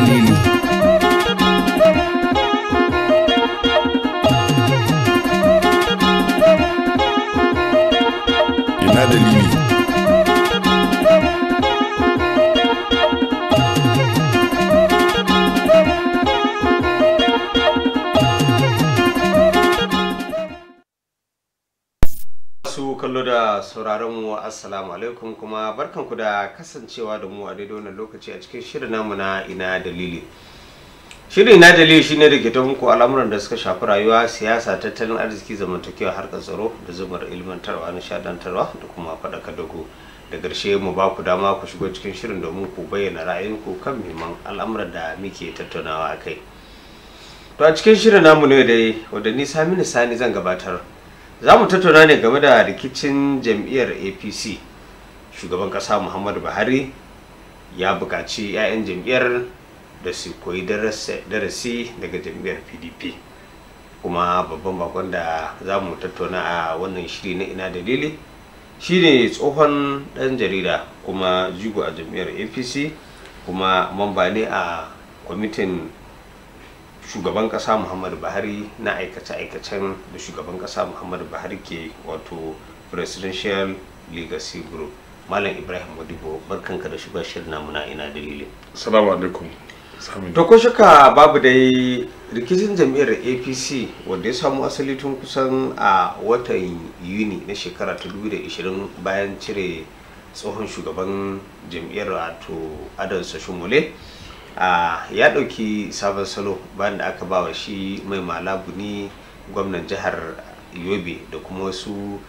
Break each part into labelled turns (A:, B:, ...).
A: el
B: mu assalamu alaikum kuma barkanku da kasancewa da mu a daidai wannan lokaci a cikin shirin namu na ina dalili shirin na dalili shine da ke ta muku al'amuran da suka shafi rayuwa siyasa tattalin arziki zamantakewa harkar tsaro da zumar ilmantarwa nishadantarwa da kuma faɗaka dago da ƙarshe mu ba ku dama ku shigo cikin shirin domin ku bayyana ra'ayinku kan muhimman al'amuran da muke tattaunawa a kai to a cikin shirin namu ne dai wadda ni sani zan gabatar za mu tattauna ne game da rikicin jam'iyyar apc shugaban ƙasa muhammadu buhari ya buƙaci 'ya'yan jam'iyyar da su koyi darasi daga jam'iyyar pdp kuma babban bakon da za mu tattauna a wannan shiri na ina dalili shine tsohon ɗan jarida kuma jigo a jam'iyyar apc kuma mamba a kwamitin shugaban kasa muhammadu buhari na aikace-aikacen da shugaban kasa muhammadu buhari ke wato presidential legacy group malam ibrahim modibo barkanka da shiga shirin namu na ina dalilin
C: assalamu alaikum to ko shaka babu
B: dai rikicin jam'iyyar apc wanda ya samu asali tun kusan a watan yuni na shekara ta 2020 bayan cire tsohon shugaban jam'iyyar wato adansa shumule ya ɗauki sabon salo bayan da aka ba wa shi mai malabu ne gwamnan jihar yobe da kuma wasu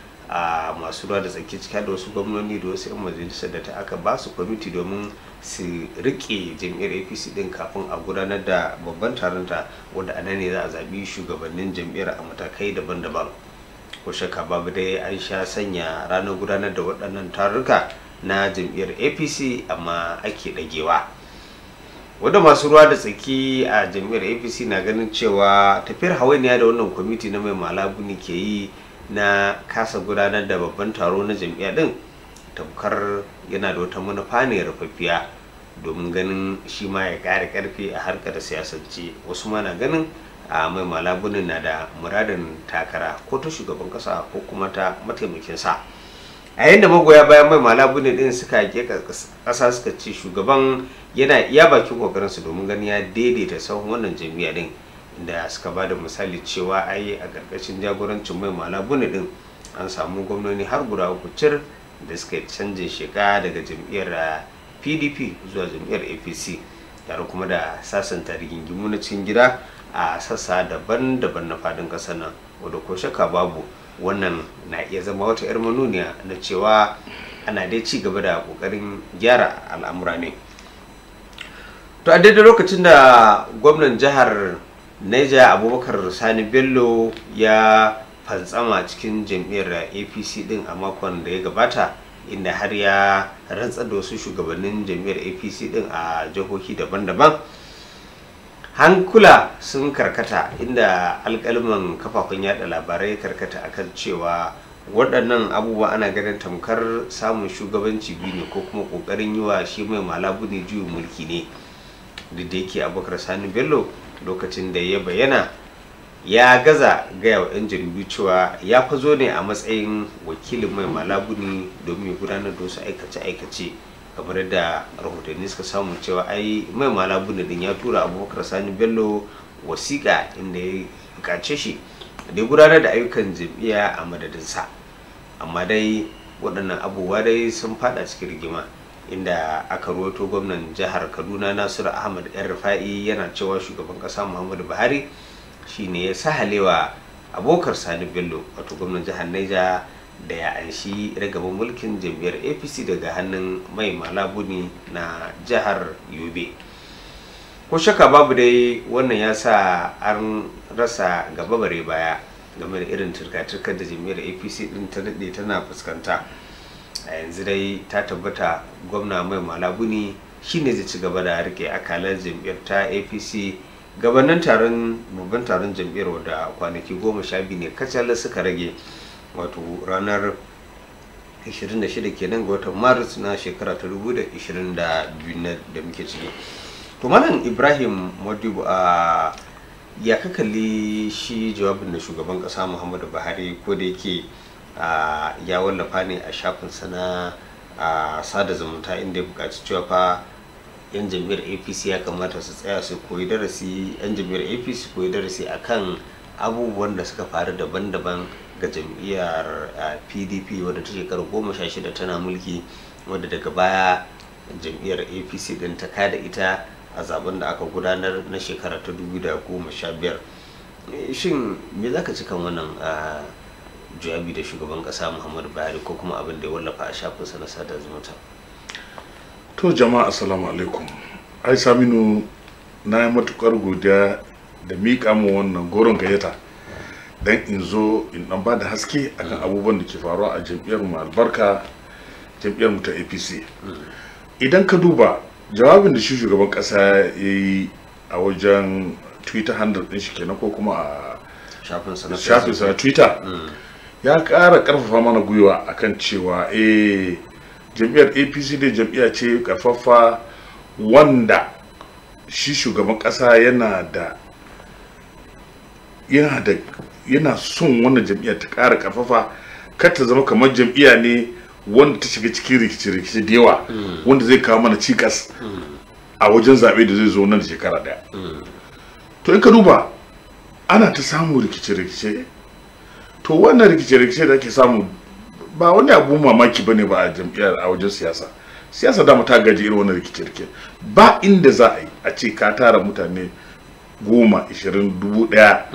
B: masu ruwa da tsaki cika da wasu gwamnoni da wasu 'yan majalisar da ta aka ba su kwamiti domin su rike jam'iyyar apc din kafin a gudanar da babban taronta wadda a nan ne za a zaɓi shugabannin jam'iyyar a matakai daban-daban ko shakka babu dai an sha sanya ranar gudanar da waɗannan tarurruka na jam'iyyar apc amma ake ɗagewa wadda masu ruwa da tsaki a jami'ar apc na ganin cewa tafiyar hawainiya da wannan kwamiti na mai malabuni ke yi na kasa gudanar da babban taro na jami'a din tamkar yana da wata manufa ne rufaffiya domin ganin shi ma ya ƙara ƙarfi a harkar siyasance wasu ma na ganin a mai malabunin na da muradin takara ko ta shugaban ƙasa ko kuma ta mataimakin sa a yadda da magoya bayan mai malabu din suka ake kasa suka ce shugaban yana iya bakin kokarin domin ganin ya daidaita sahun wannan jami'a din inda suka ba da misali cewa ai a karkashin jagorancin mai malabu din an samu gwamnoni har guda uku cir da suka canje shiga daga jam'iyyar pdp ah, zuwa jam'iyyar apc tare kuma da sasanta rigingimu na cikin gida a sassa daban-daban na fadin ƙasar nan wadda ko shaka babu wannan na iya zama wata 'yar manuniya na cewa ana dai ci gaba da kokarin gyara al'amura ne to a daidai lokacin da gwamnan jihar Niger abubakar sani bello ya fantsama cikin jam'iyyar apc din a makon da ya gabata inda har ya rantsar da wasu shugabannin jam'iyyar apc din a jihohi daban-daban hankula sun karkata inda alkalman kafafen yada labarai karkata akan cewa waɗannan abubuwa ana ganin tamkar samun shugabanci biyu ne ko kuma ƙoƙarin yi wa shi mai malabu ne juyin mulki ne duk da yake abokar sani bello lokacin da ya bayyana ya gaza gaya wa 'yan jaridu cewa ya fa zo ne a matsayin wakilin mai malabu ne domin ya gudanar da wasu aikace-aikace kamar yadda rahotanni suka samu cewa ai mai malabu din ya tura abubakar sani bello wasiƙa inda ya bukace shi da ya gudanar da ayyukan jam'iyya a madadinsa amma dai waɗannan abubuwa dai sun fada cikin rigima inda aka ruwato gwamnan jihar kaduna nasiru ahmad yan rufa'i yana cewa shugaban ƙasa muhammadu buhari shine ya sahalewa abokar sani bello wato gwamnan jihar naija da ya anshi ragaban mulkin jam'iyyar apc daga hannun mai malabuni na jihar yobe ko shaka babu dai wannan ya sa an rasa gaba bare baya game da irin turka-turkar da jam'iyyar apc din ta daɗe tana fuskanta a yanzu dai ta tabbata gwamna mai malabuni shine zai ci gaba da rike akalar jam'iyyar ta apc gabanin taron babban taron jam'iyyar wadda kwanaki goma sha biyu ne kacal suka rage wato ranar 26 kenan ga watan maris na shekara ta 2022 da muke ciki to malam ibrahim modibo a ya ka kalli shi jawabin da shugaban kasa muhammadu buhari ko da yake ya wallafa ne a shafin sana a sada zumunta inda ya bukaci cewa fa yan Jami'ar apc ya kamata su tsaya su koyi darasi yan Jami'ar apc koyi darasi akan abubuwan da suka faru daban-daban ga jam'iyyar pdp eh, wadda ta shekara goma sha shida tana mulki wadda daga baya jam'iyyar apc din ta da ita a zaben da aka gudanar na shekara ta dubu da sha biyar eh, shin me za ka ci kan wannan eh, jawabi da shugaban ƙasa muhammadu buhari ko kuma abin da ya wallafa a shafinsa na sada zumunta
C: to jama'a assalamu alaikum ai saminu na yi matukar godiya da miƙa mu wannan goron gayyata dan in zo in dan ba da haske akan abubuwan da ke faruwa a jam'iyyar mu albarka jam'iyyar mu ta apc idan ka duba jawabin da shi shugaban kasa ya yi a wajen twitter handle din shi kenan ko kuma a Shafin na twitter ya ƙara ƙarfafa mana gwiwa akan cewa eh jam'iyyar apc da jam'iyya ce ƙarfafa wanda shi shugaban ƙasa yana da yana da yana son wannan jam'iyya ta ƙara ƙarfafa kar ta zama kamar jam'iyya ne wanda ta shiga cikin rikice-rikice da yawa mm. wanda zai kawo mana cikas mm. a wajen zaɓe da zai zo nan da shekara ɗaya mm. to in ka duba ana ta samun rikice-rikice to wannan rikice-rikice da ake samu ba wani abu mamaki ba ne ba a jam'iyyar a wajen siyasa siyasa dama ta gaji irin wannan rikice-rikice ba inda za a yi a ce ka tara mutane goma ishirin dubu daya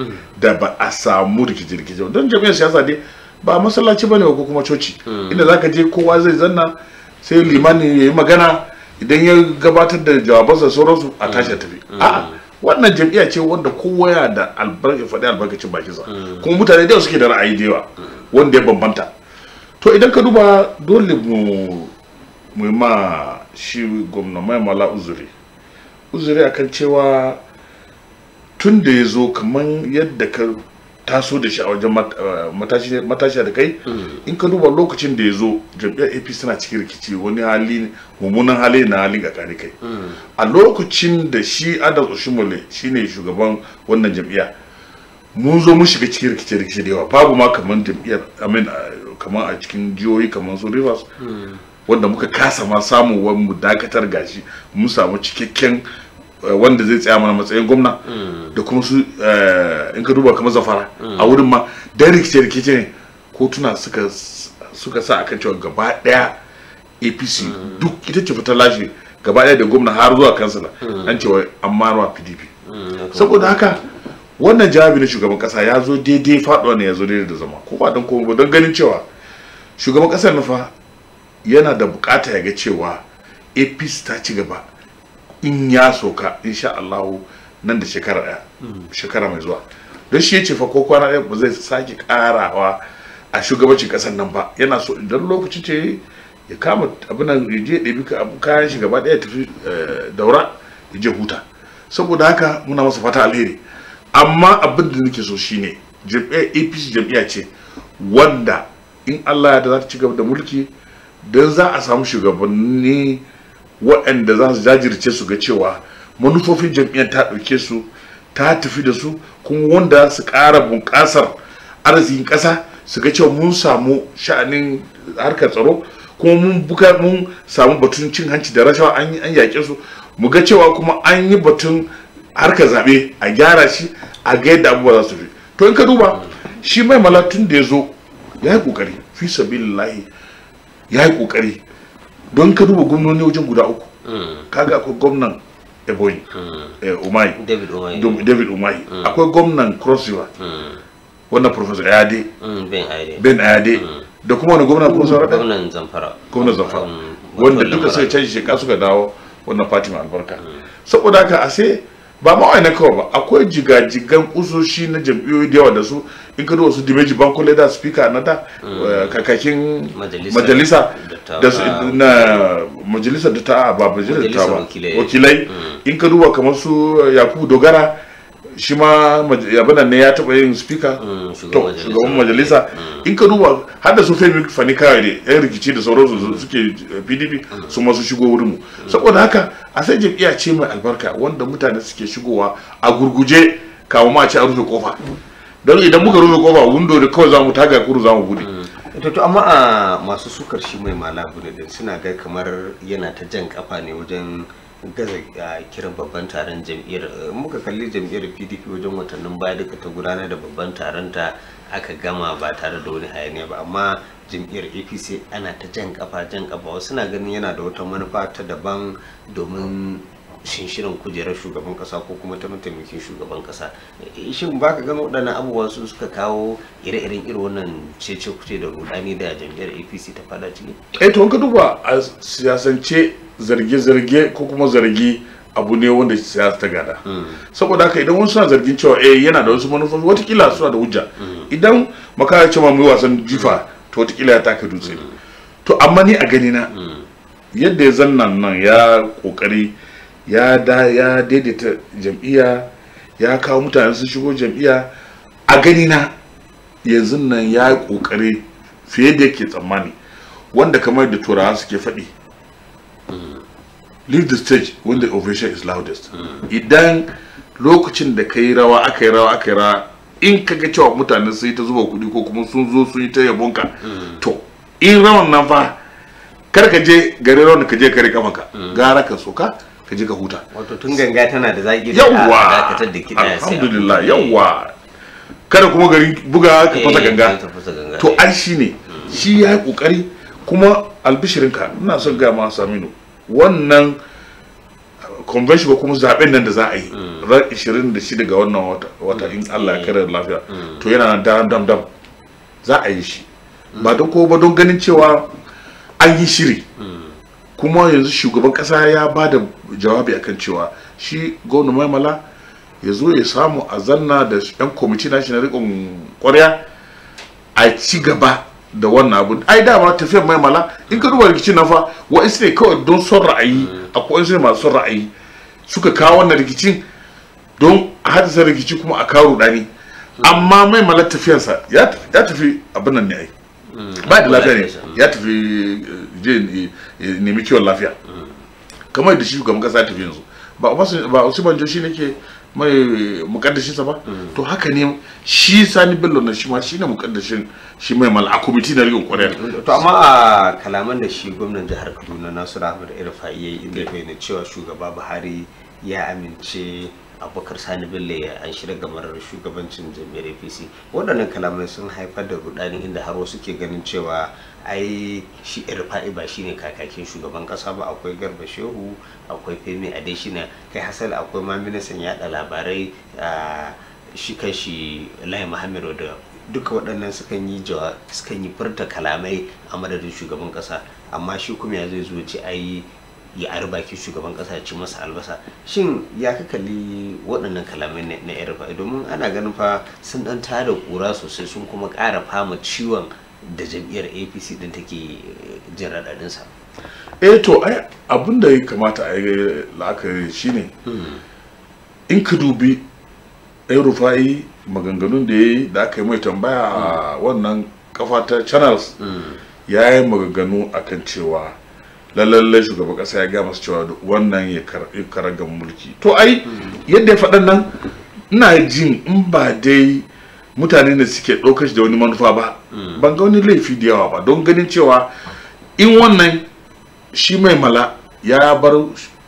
C: da ba a samu rikice-rikice don jami'ar siyasa dai ba masallaci ne ko kuma coci hmm. inda za ka je kowa zai zanna sai limani ya yi magana idan ya gabatar da jawabansa sauransu a hmm. tashi tafi hmm. a'a wannan jam'iyya ce wanda kowa ya da albarka faɗi albarkacin bakinsa kuma mutane da suke da ra'ayi da yawa wanda ya bambanta to idan ka duba dole mu mu ma shi gwamna mai mala uzuri uzuri akan cewa tun da ya zo kamar yadda ka taso da shi a wajen eh, matashi da kai mm. in ka duba lokacin da ya zo jam'iyyar apc tana cikin rikici wani hali mummunan hali na hali ga kare kai mm. a lokacin da shi adam oshimole ne shugaban wannan jam'iyya mun zo mun shiga cikin rikice rikici da yawa babu ma kamar jam'iyyar amin kamar a cikin jihohi kamar su rivers mm. wanda muka kasa ma samun wani mu dakatar gashi mun samu cikakken Eh, wanda zai tsaya mana matsayin gwamna mm. da kuma su eh, in ka duba kamar zafara a mm. wurin ma dan rikice rikice ne kotuna suka suka sa akan cewa gaba daya apc mm. duk ita ce fitar lashe gaba daya da gwamna har zuwa kansila an cewa an marwa pdp saboda haka wannan jawabi na shugaban kasa ya zo daidai faduwa ne ya zo daidai da zama ko ba don komai ganin cewa shugaban kasar fa yana da bukata ya ga cewa apc ta ci gaba in ya soka insha Allah nan da shekara daya shekara mai zuwa don shi ya ce fa ko kwana ɗaya ba zai sake karawa a shugabancin ƙasar nan ba yana so idan lokaci ce ya kama abin nan ya je kayan shi gaba ɗaya tafi eh, daura ya je huta saboda haka muna masa fata alheri amma abin da nake so shine jam'iyyar apc jam'iyya ce wanda in allah ya da za ta ci gaba da mulki don za a samu shugabanni waɗanda za su jajirce su ga cewa manufofin jam'iyyar ta ɗauke su ta tafi da su kuma wanda su ƙara bunƙasar arzikin ƙasa su ga cewa mun samu sha'anin harkar tsaro kuma mun buka mun samu batun cin hanci da rashawa an an yaƙe su mu ga cewa kuma an yi batun harkar zaɓe a gyara shi a ga yadda abubuwa za su fi to in ka duba shi mai malatun da ya zo ya yi ƙoƙari fi sabilillahi ya yi ƙoƙari don ka duba gwamnoni wajen guda uku hmm. kaga akwai gwamnan ebonyi hmm. eh, umai david umai hmm. akwai gwamnan cross river wannan professor ayade ben ayade da kuma wani gwamnan cross river gwamnan zamfara gwamnan zamfara wanda duka sai canji shekara suka dawo wannan fatima albarka saboda haka a sai ba ma wai na kawai ba akwai jigajigan kusoshi na jam'iyyoyi da yawa da su in ka su dimeji banko leda speaker na ta mm. eh, kakakin majalisa na majalisa da ta ba majalisa ta ba wakilai mm. in ka duba kamar su yakubu dogara shi ma abin ne ya taba yin speaker mm, to shugaban majalisa mm. in ka duba har da su femi fani kawai da yan rikici da sauransu suke pdp eh, mm. su masu shigo wurin mu saboda haka a sai jam'iyya ce mai albarka wanda mutane suke shigowa a gurguje kawo ma ce a rufe kofa don idan muka rufe kofa window da kawai zamu taga kuru zamu bude
B: to amma ah, masu sukar shi mai malabu ne suna ga kamar yana ta jan kafa ne wajen gaza kiran babban taron jam'iyyar eh, muka kalli jam'iyyar pdp wajen watannin baya duka ta gudanar da babban taron ta aka gama ba tare da wani hayaniya ba amma jam'iyyar apc ana ta jan kafa jan kafa wasu na ganin yana da wata manufa ta daban domin shinshirin kujerar shugaban kasa ko kuma ta mataimakin shugaban kasa eh, shin ba ka gano waɗannan abubuwa su suka kawo ire-iren irin wannan cece kuce da rudani da jam'iyyar apc ta fada ciki
C: eh to ka duba a siyasance zarge-zarge ko kuma zargi abu ne wanda siyasa ta gada hmm. saboda haka idan wasu suna zargin cewa eh yana da wasu manufofi watakila suna da hujja hmm. idan makara ce ma mai wasan jifa hmm. to watakila ya taka dutse to amma ni a gani na yadda ya zanna nan ya kokari ya da ya daidaita jam'iyya ya kawo mutane su shigo jam'iyya a gani na yanzu nan ya yi kokare fiye da yake tsammani wanda kamar da turawa suke faɗi leave the stage when the ovation is loudest idan lokacin da ka yi rawa aka yi rawa aka yi rawa in ka ga cewa mutane sun yi ta zuba kuɗi ko kuma sun zo sun yi ta yabonka to in rawan nan fa kar ka je gare rawan ka je kare kafanka mm. gara ka soka ka je ka huta wato tun ganga tana da zaki da dakatar da
A: kiɗa
D: alhamdulillah yawwa
C: kada kuma gari buga eh, ka fasa
D: ganga to
C: ai shi ne shi ya yi kokari kuma albishirinka ina son ga ma saminu wannan convention ba kuma zaben nan da za a yi mm. ran 26 ga wannan wata in mm. Allah ya kare lafiya mm. to yana nan dam dam dam za a yi shi ba don ko ba don ganin cewa an yi shiri kuma yanzu shugaban kasa ya ba da jawabi akan cewa shi gwamna maimala ya zo ya samu a zanna da yan kwamiti na shi na rikon kwarya a ci gaba da wannan abu ai dama tafiyar maimala in ka duba rikicin na fa wa ne kawai don son ra'ayi mm. akwai su ne masu son ra'ayi suka kawo wannan rikicin don a hadasa rikici kuma a kawo rudani mm. amma maimala tafiyarsa ya tafi abin nan ne ai ba da lafiya ne ya tafi eh, je eh, eh, nemi kiwon lafiya kamar da shi shugaban kasa tafi yanzu ba ba banjo shi nake mai mukaddashin sa ba to haka ne shi Sani Bello na shi ma shine mukaddashin shi mai mal a committee na riyon kwarewa to amma a kalaman da shi
B: gwamnan jihar Kaduna Nasiru Ahmed Irfai yayi inda bayyana cewa shugaba Buhari ya amince abokar sani bello ya an shirya gamar shugabancin jami'ar apc waɗannan kalamai sun haifar da rudani inda har wasu ke ganin cewa ai shi irfa'i ba shine kakakin shugaban ƙasa ba akwai garba shehu akwai femi a adeshina kai hasali akwai ma ministan yaɗa labarai shi kan shi lai muhammad wadda duka waɗannan sukan yi jawa sukan yi furta kalamai a madadin shugaban ƙasa amma shi kuma ya zai zuwa ce ai ya ari baki shugaban kasa ya ci masa albasa shin ya ka kalli waɗannan kalamai na yan rufa'i domin ana ganin fa sun ɗan tada ƙura sosai sun kuma ƙara fama ciwon da jam'iyyar apc ɗin take eh, jin raɗaɗinsa
C: eh to ai abin da ya kamata a yi la'akari shine hmm. in ka dubi yan rufa'i maganganun da ya yi da aka yi mai tambaya a hmm. wannan kafa ta channels hmm. ya yi maganganu akan cewa lallai shugaban kasa ya ga masu cewa wannan ya karaga mulki to ai yadda ya faɗan nan ina jin in ba dai mutane da suke ɗaukar shi da wani manufa ba mm. ban ga wani laifi da yawa ba don ganin cewa in wannan shi mai mala ya bar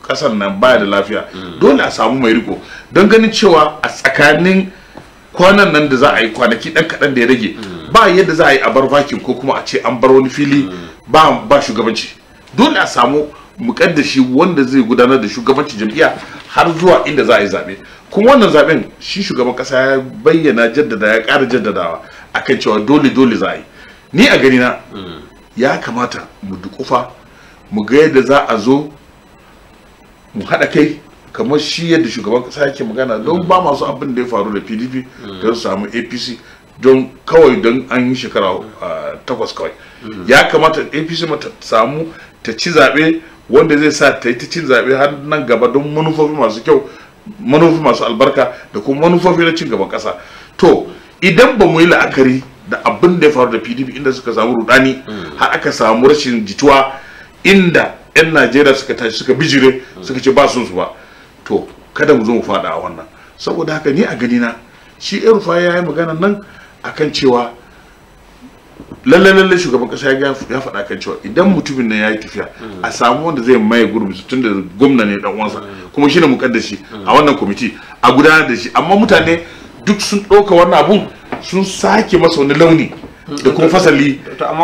C: kasan nan baya da lafiya mm. dole a samu mai riko don ganin cewa a tsakanin kwanan nan da za a yi kwanaki ɗan kaɗan da ya rage mm. ba yadda za a yi a bar vakin ko kuma a ce an bar wani fili ba shugabanci dole a samu mukaddashi wanda zai gudanar da shugabancin jam'iyya har zuwa inda za a yi zaɓe kuma wannan zaɓen shi shugaban ƙasa ya bayyana jaddada ya ƙara jaddadawa akan cewa dole dole za a yi ni a gani na ya kamata mu dukufa mu ga yadda za a zo mu haɗa kai kamar shi yadda shugaban ƙasa yake magana don ba masu abin da ya faru da pdp don samu apc don kawai don an yi shekara ah, takwas kawai ya kamata apc mu samu ta ci zaɓe wanda zai sa ta yi ta cin zaɓe har nan gaba don manufofi masu kyau manufofi masu albarka da kuma manufofi na cin gaban ƙasa to idan ba mu yi la'akari da abin da ya faru da pdp inda suka samu rudani mm. har aka samu rashin jituwa inda 'yan najeriya suka tashi suka bijire mm. suka ce ba sun su ba to kada mu zo mu fada a wannan saboda haka ni a gani na shi rufa ya yi magana nan akan cewa lalle lalle shugaban kasa ya faɗa kan cewa idan mutumin nan ya yi tafiya a samu wanda zai maye gurbi tun da gwamna ne dan uwansa kuma shine mukaddashi a wannan kwamiti a gudanar da shi amma mutane duk sun ɗauka wannan abun sun sake masa wani launi da kuma fasali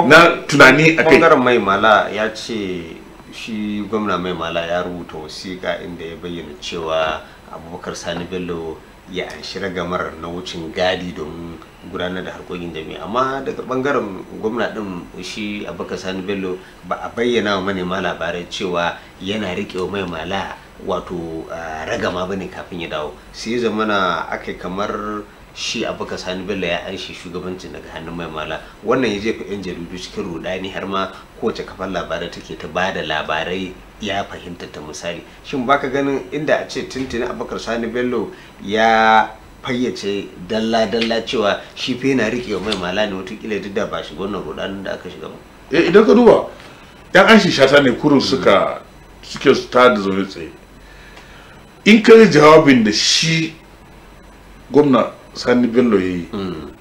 C: na tunani
B: a kai ɓangaren mai mala ya ce shi gwamna mai mala ya rubuta wasiƙa inda ya bayyana cewa abubakar sani bello ya anshi ragamar na wucin gadi domin gudanar da harkokin jami'a amma daga bangaren gwamna din shi abubakar sani bello ba a bayyana wa manema labarai cewa yana riƙe mai mala wato ragama ba ne kafin ya dawo sai zamana aka kamar shi abubakar sani bello ya anshi shugabancin daga hannun mai mala wannan ya jefa yan jaridu cikin rudani har ma kowace kafar labarai take ta ba da labarai ya fahimta ta misali shin baka ganin inda a ce tuntuni abubakar sani bello ya fayyace dalla-dalla cewa shi fe na rike mai mala ne watakila duk da ba shi wannan
C: rudanin da aka shiga ba eh idan ka duba yan an shi shata ne kurun suka suke su ta da zaune tsaye in ka yi jawabin da shi gwamna sani bello ya yi hmm.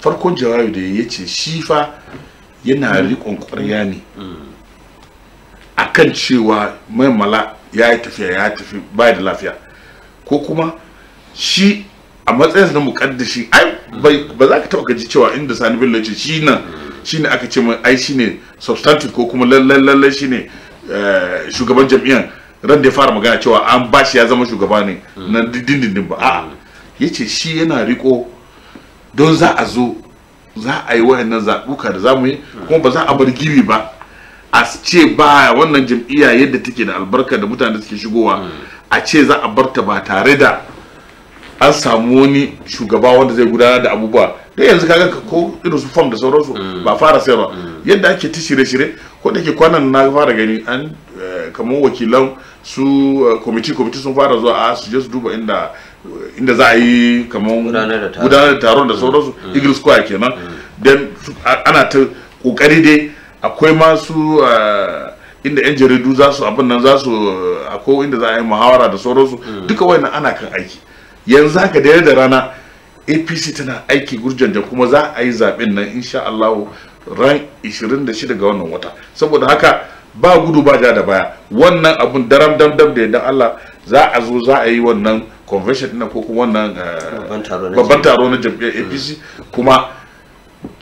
C: farkon jawabi da ya ce shi fa yana hmm. rikon kwarya ne hmm. kan cewa mai mala ya yi tafiya ya tafi ba da lafiya ko kuma shi a matsayin na mukaddashi ai ba za ka taɓa gaji cewa inda sani bello ce shi nan shi ne aka ce mai ai shi ne substantive ko kuma lallai shi ne eh, shugaban jam'iyyar ran da ya fara magana cewa an ba shi ya zama shugaba ne na dindindin ba a'a ya ce shi yana riko don za a zo za a yi wayannan zaɓuka da za yi kuma ba za a bar gibi ba a ce ba wannan jam'iyya yadda take da albarka da mutane suke shigowa a ce za a bar ta ba tare da an samu wani shugaba wanda zai gudanar da abubuwa da yanzu kaga ko irin su form da sauransu mm. ba fara sayarwa mm. yadda ake ta shirye-shirye ko da ke kwanan na fara gani an eh, kamar wakilan su eh, kwamiti kwamiti sun fara zuwa a ah, su je su duba inda inda za a yi kamar gudanar da taron da mm. sauransu eagle square kenan dan ana ta kokari dai akwai masu eh, inda yan jaridu za su abin nan za su akwai inda za a yi muhawara da sauransu duka wayannan ana kan aiki yanzu haka da da rana apc tana aiki gurjan da kuma za a yi zaɓen nan insha allahu ran 26 ga wannan wata saboda haka ba gudu ba ja da baya wannan abun daram dam dam da yadda allah za a zo za a yi wannan convention ɗin ko kuma wannan eh, babban taro na jam'iyyar apc hmm. kuma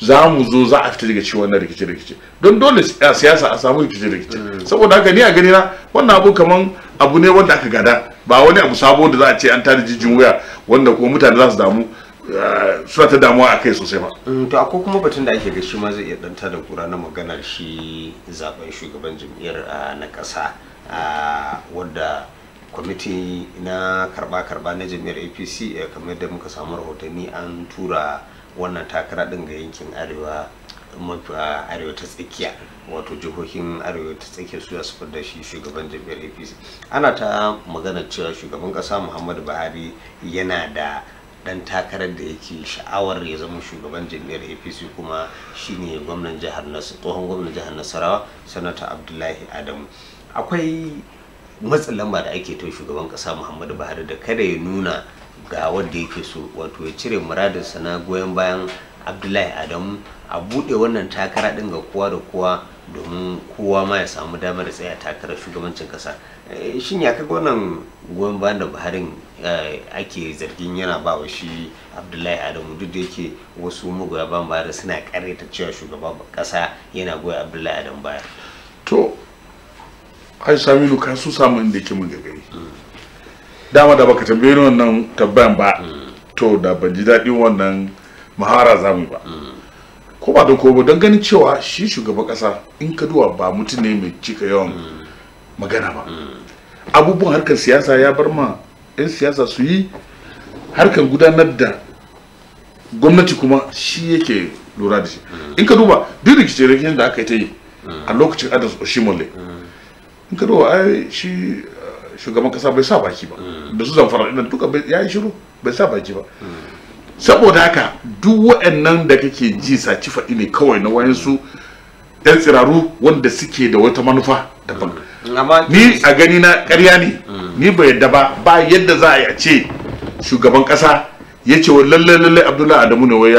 C: za mu zo za a fita daga cikin wannan rikice-rikice don dole a siyasa a samu rikice-rikice mm. saboda haka ni a gani na wannan abu kaman abu ne wanda aka gada ba wani abu sabo da za a ce an tada jijin wuya wanda kuma mutane za su damu eh, suna ta damuwa a kai sosai ba.
B: Mm, to akwai kuma batun da ake ga shi ma zai iya danta da kura na maganar shi zaben shugaban jam'iyyar eh, na ƙasa eh, wadda kwamiti na karba-karba na jam'iyyar apc kamar da muka samu rahotanni an tura wannan takara ɗin ga yankin arewa mafiya arewa ta tsakiya wato jihohin arewa ta tsakiya su su da shi shugaban jam'iyyar apc ana ta magana cewa shugaban ƙasa muhammadu buhari yana da dan takarar da yake sha'awar ya zama shugaban jam'iyyar apc kuma shine gwamnan jihar nasarawa tsohon gwamnan jihar nasarawa sanata abdullahi adamu akwai matsin lamba da ake ta shugaban ƙasa muhammadu buhari da kada ya nuna ga wanda yake so wato ya cire muradinsa na goyon bayan abdullahi adamu a buɗe wannan takara ɗin ga kowa da kowa domin kowa ma ya samu damar tsaya takarar shugabancin ƙasa eh, shin ya kaga wannan goyon bayan da buharin eh, ake zargin yana ba wa shi abdullahi adamu duk da yake wasu magoya ban bayar suna karyata cewa shugaban ƙasa yana goya abdullahi adamu baya to
C: ai saminu ka su samu inda yake mun gagari hmm. dama da baka tambayi wannan tabbayan ba to da ban ji daɗin wannan mahara za mu ba ko ba da ko don ganin cewa shi shugaban kasa in ka duwa ba mutum ne mai cika yawan magana ba abubuwan harkar siyasa ya bar ma 'yan siyasa su yi harkar gudanar da gwamnati kuma shi yake lura da shi in ka duba duk rikice rikicin da aka yi ta yi a lokacin adas oshimole in ka duba ai shi shugaban kasa bai sa baki ba mm. da su zamfara ɗin duka ya yi shiru bai sa baki ba mm. saboda haka duk waɗannan da kake ji saci faɗi ne kawai na wayansu yan tsiraru wanda suke da wata manufa daban mm. ni a gani na ƙarya ne ni bai yadda ba ba yadda za a yi a ce shugaban kasa ya ce lallai lallai abdullahi adamu ne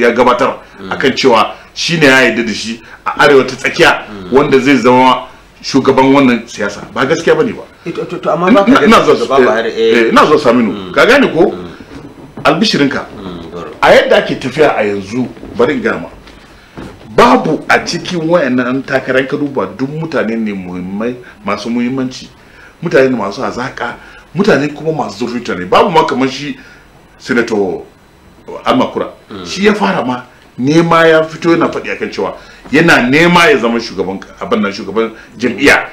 C: ya gabatar akan cewa shine ya yarda da shi a arewa ta tsakiya wanda zai zama shugaban wannan siyasa ba gaskiya bane ba eh,
B: to amma ba ka ina zo ba eh, eh. eh ina
C: zo saminu mm. ka gane ko mm. albishirinka mm, a yadda ake tafiya a yanzu bari in gama babu a cikin wayannan takarar ka duba duk mutane ne muhimmai masu muhimmanci mutane ne masu hazaka mutane kuma masu zurfi ne babu ma kamar shi senator almakura shi ya fara ma nema ya fito yana faɗi akan cewa yana nema ya zama shugaban abin nan shugaban jam'iyya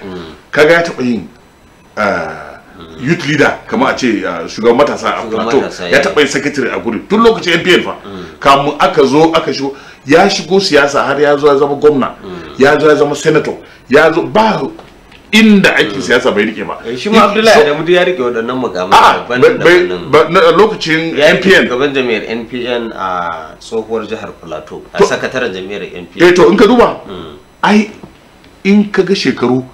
C: kaga ya taɓa yin uh, youth leader kama a ce uh, shugaban matasa a plateau ya eh. taɓa yin secretary a gurin tun lokacin NPL fa mm. kamun aka zo aka shigo ya shigo siyasa har ya zo ya zama gwamna mm. ya zo ya zama senator ya zo ba inda aikin siyasa bai rike ba eh, shi ma abdullahi adamu ya rike waɗannan mukamai ah,
B: lokacin npn gaban jami'ar npn a tsohuwar jihar plato a sakataren jami'ar npn eh to in ka duba mm.
C: ai in ka ga shekaru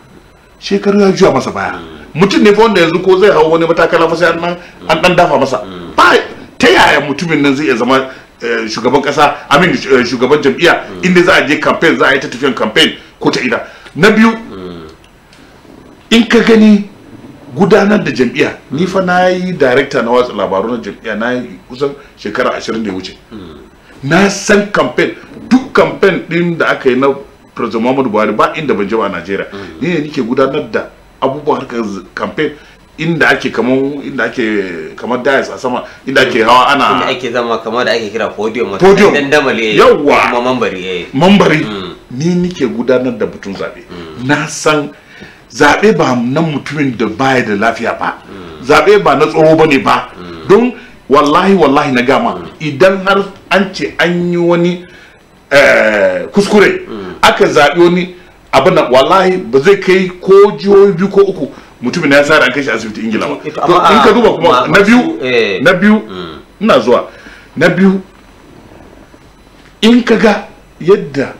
C: shekaru ya juya masa baya mutum ne fa wanda yanzu ko zai hau wani matakala fa sai an dan dafa masa mm. Mm. ba ta yaya mutumin nan zai iya zama eh, shugaban kasa amin eh, shugaban jam'iyya inda za a je campaign za a yi ta tafiyan campaign ko ta ina na biyu in ka gani gudanar da jam'iyya ni fa na yi director na watsa labaru na jam'iyya na yi kusan shekara 20 da ya wuce na san campaign duk campaign din da aka yi na president muhammadu buhari ba inda ban jama a najeriya ni ne nike gudanar da abubuwan harkar campaign inda ake kamar inda ake kamar dais a sama inda ake hawa ana inda
D: ake zama kamar da ake kira podium podium dandamali eh, yawa kuma mambari yayi eh.
C: mambari mm. ni nike gudanar da butun zabe mm. na san zaɓe ba nan mutumin da baya da lafiya ba zaɓe ba na tsoro ba ne ba don wallahi wallahi na gama idan har an ce an yi wani eh, kuskure aka zaɓi wani abin wallahi ba zai kai ko jihohi biyu ko uku mutumin ya sa an kai shi asibiti ingila ba in ka duba kuma na biyu eh. na biyu mm. ina zuwa na biyu in ka ga yadda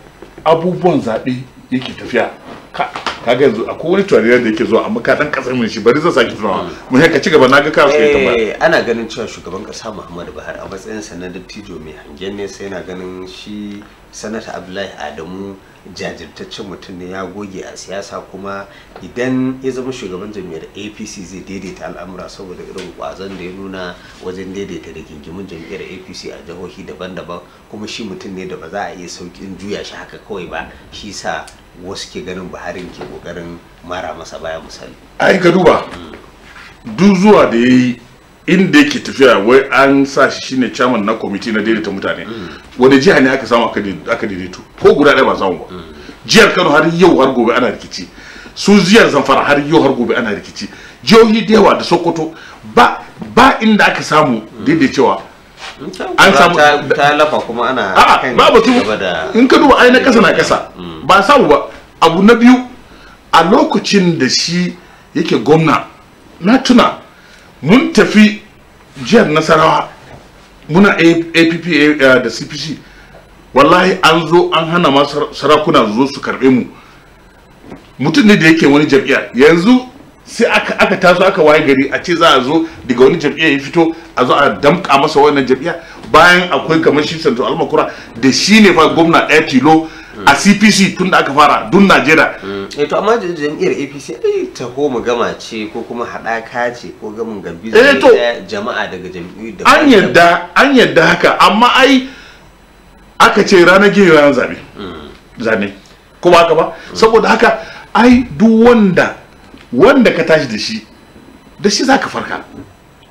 C: abubuwan zaɓe yake tafiya kaga yanzu akwai wani tunani da yake zuwa amma ka dan kasar mun shi bari zan saki tunawa mun ka ci gaba naga ka su. tambaya eh,
B: ana ganin cewa shugaban kasa Muhammadu Buhari a matsayin sa na dattijo mai hangen ne sai yana ganin shi sanata Abdullahi Adamu jajirtaccen mutum ne ya goge a siyasa kuma idan ya zama shugaban jami'ar APC zai daidaita al'amura saboda irin kwazon da ya nuna wajen daidaita da gingimin jami'ar APC a jihohi daban-daban kuma shi mutum ne da ba za a iya saukin juya shi haka kawai ba shi sa wasu ke ganin buharin ke kokarin mara masa baya
C: misali ai ka duba hmm. duk zuwa da ya yi inda yake tafiya wai an sa shi shine chairman na kwamiti na daidaita mutane hmm. wani jiha ne aka samu aka daidaito ko guda ɗaya ba samu ba hmm. jihar kano har yau har gobe ana rikici su jihar zamfara har yau har gobe ana rikici jihohi da yawa da sokoto ba ba inda aka samu daidaicewa
D: an samu ta lafa kuma ana kan ba batu
C: in ka duba ai na kasa na kasa mm. ba samu ba abu na biyu a lokacin da shi yake gwamna na tuna mun tafi jiyar nasarawa muna app da cpc wallahi an zo an hana ma sarakuna zo su karbe mu mutum ne da yake wani jam'iyya yanzu sai aka aka taso aka waye gari a ce za a zo daga wani jam'iyya ya fito a zo a damka masa wannan jam'iyya bayan akwai kamar shi santo almakura da shi ne fa gwamna ɗaya tilo a cpc tun da aka fara dun najeriya mm. eh to amma jam'iyyar apc ai ta
B: ko mu gama ce ko kuma haɗaka ce ko gamin gambi zai eh, jama'a daga jam'iyyu
C: an yadda an yadda haka amma ai aka ce ranar gini ranar zabe mm. zane ko haka ba mm. saboda haka ai duk wanda wanda ka tashi da shi da shi za ka farka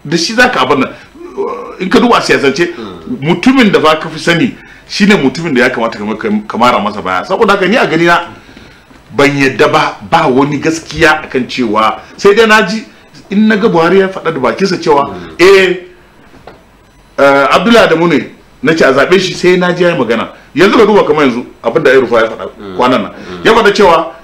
C: da shi za ka abin nan in ka duba siyasance mutumin da ba ka fi sani shine mutumin da ya kamata kamara masa baya saboda haka ni a gani na ban yadda ba ba wani gaskiya akan cewa sai dai na ji in na ga buhari ya faɗa da bakinsa cewa eh, eh abdullahi adamu ne na ce a zaɓe shi sai na ji ya magana yanzu ka duba kamar yanzu abin da ya rufa ya faɗa kwanan nan ya faɗa cewa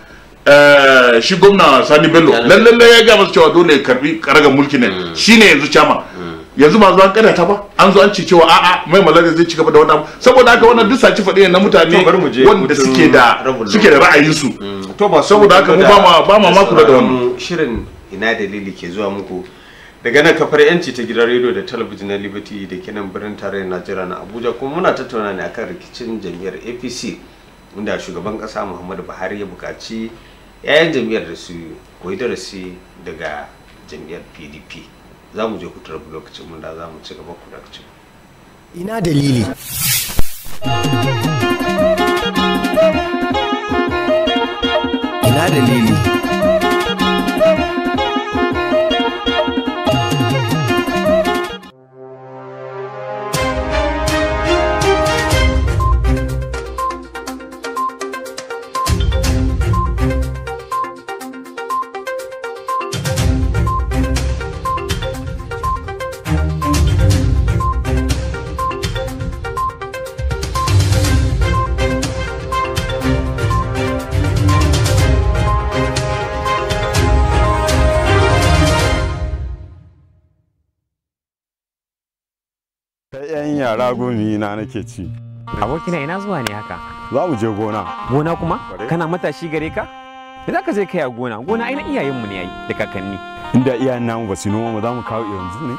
C: Eh, shi gwamna sani bello lalle ya gaya masa cewa dole ya karbi karagar mulki ne mm. shine yanzu chama mm. yanzu ba zo an kada ta ba an zo an ce cewa a'a mai malaria zai ci gaba da wannan saboda haka wannan duk ci faɗi na mutane wanda suke da suke da ra'ayin su mm. to ba saboda haka mu ba ma ba ma maku da wannan
B: shirin ina dalili ke zuwa muku daga nan kafar yanci ta gidan rediyo da talabijin na liberty da kenan birnin tarayyar najeriya na abuja kuma muna tattauna ne akan rikicin jam'iyyar apc inda shugaban kasa muhammadu buhari ya buƙaci yayan jam'iyyar da su koyi darasi daga jam'iyyar pdp za mu je ku rabu lokacin mun da za mu ci gaba ku lokacin ina dalili
A: ina dalili
E: yara gumi na nake ci abokina ina zuwa ne haka za
B: mu je gona gona kuma kana matashi gare ka da za ka je kai a gona gona ai na iyayenmu ne ai da kakanni inda iyayen namu ba su noma za mu kawo yanzu ne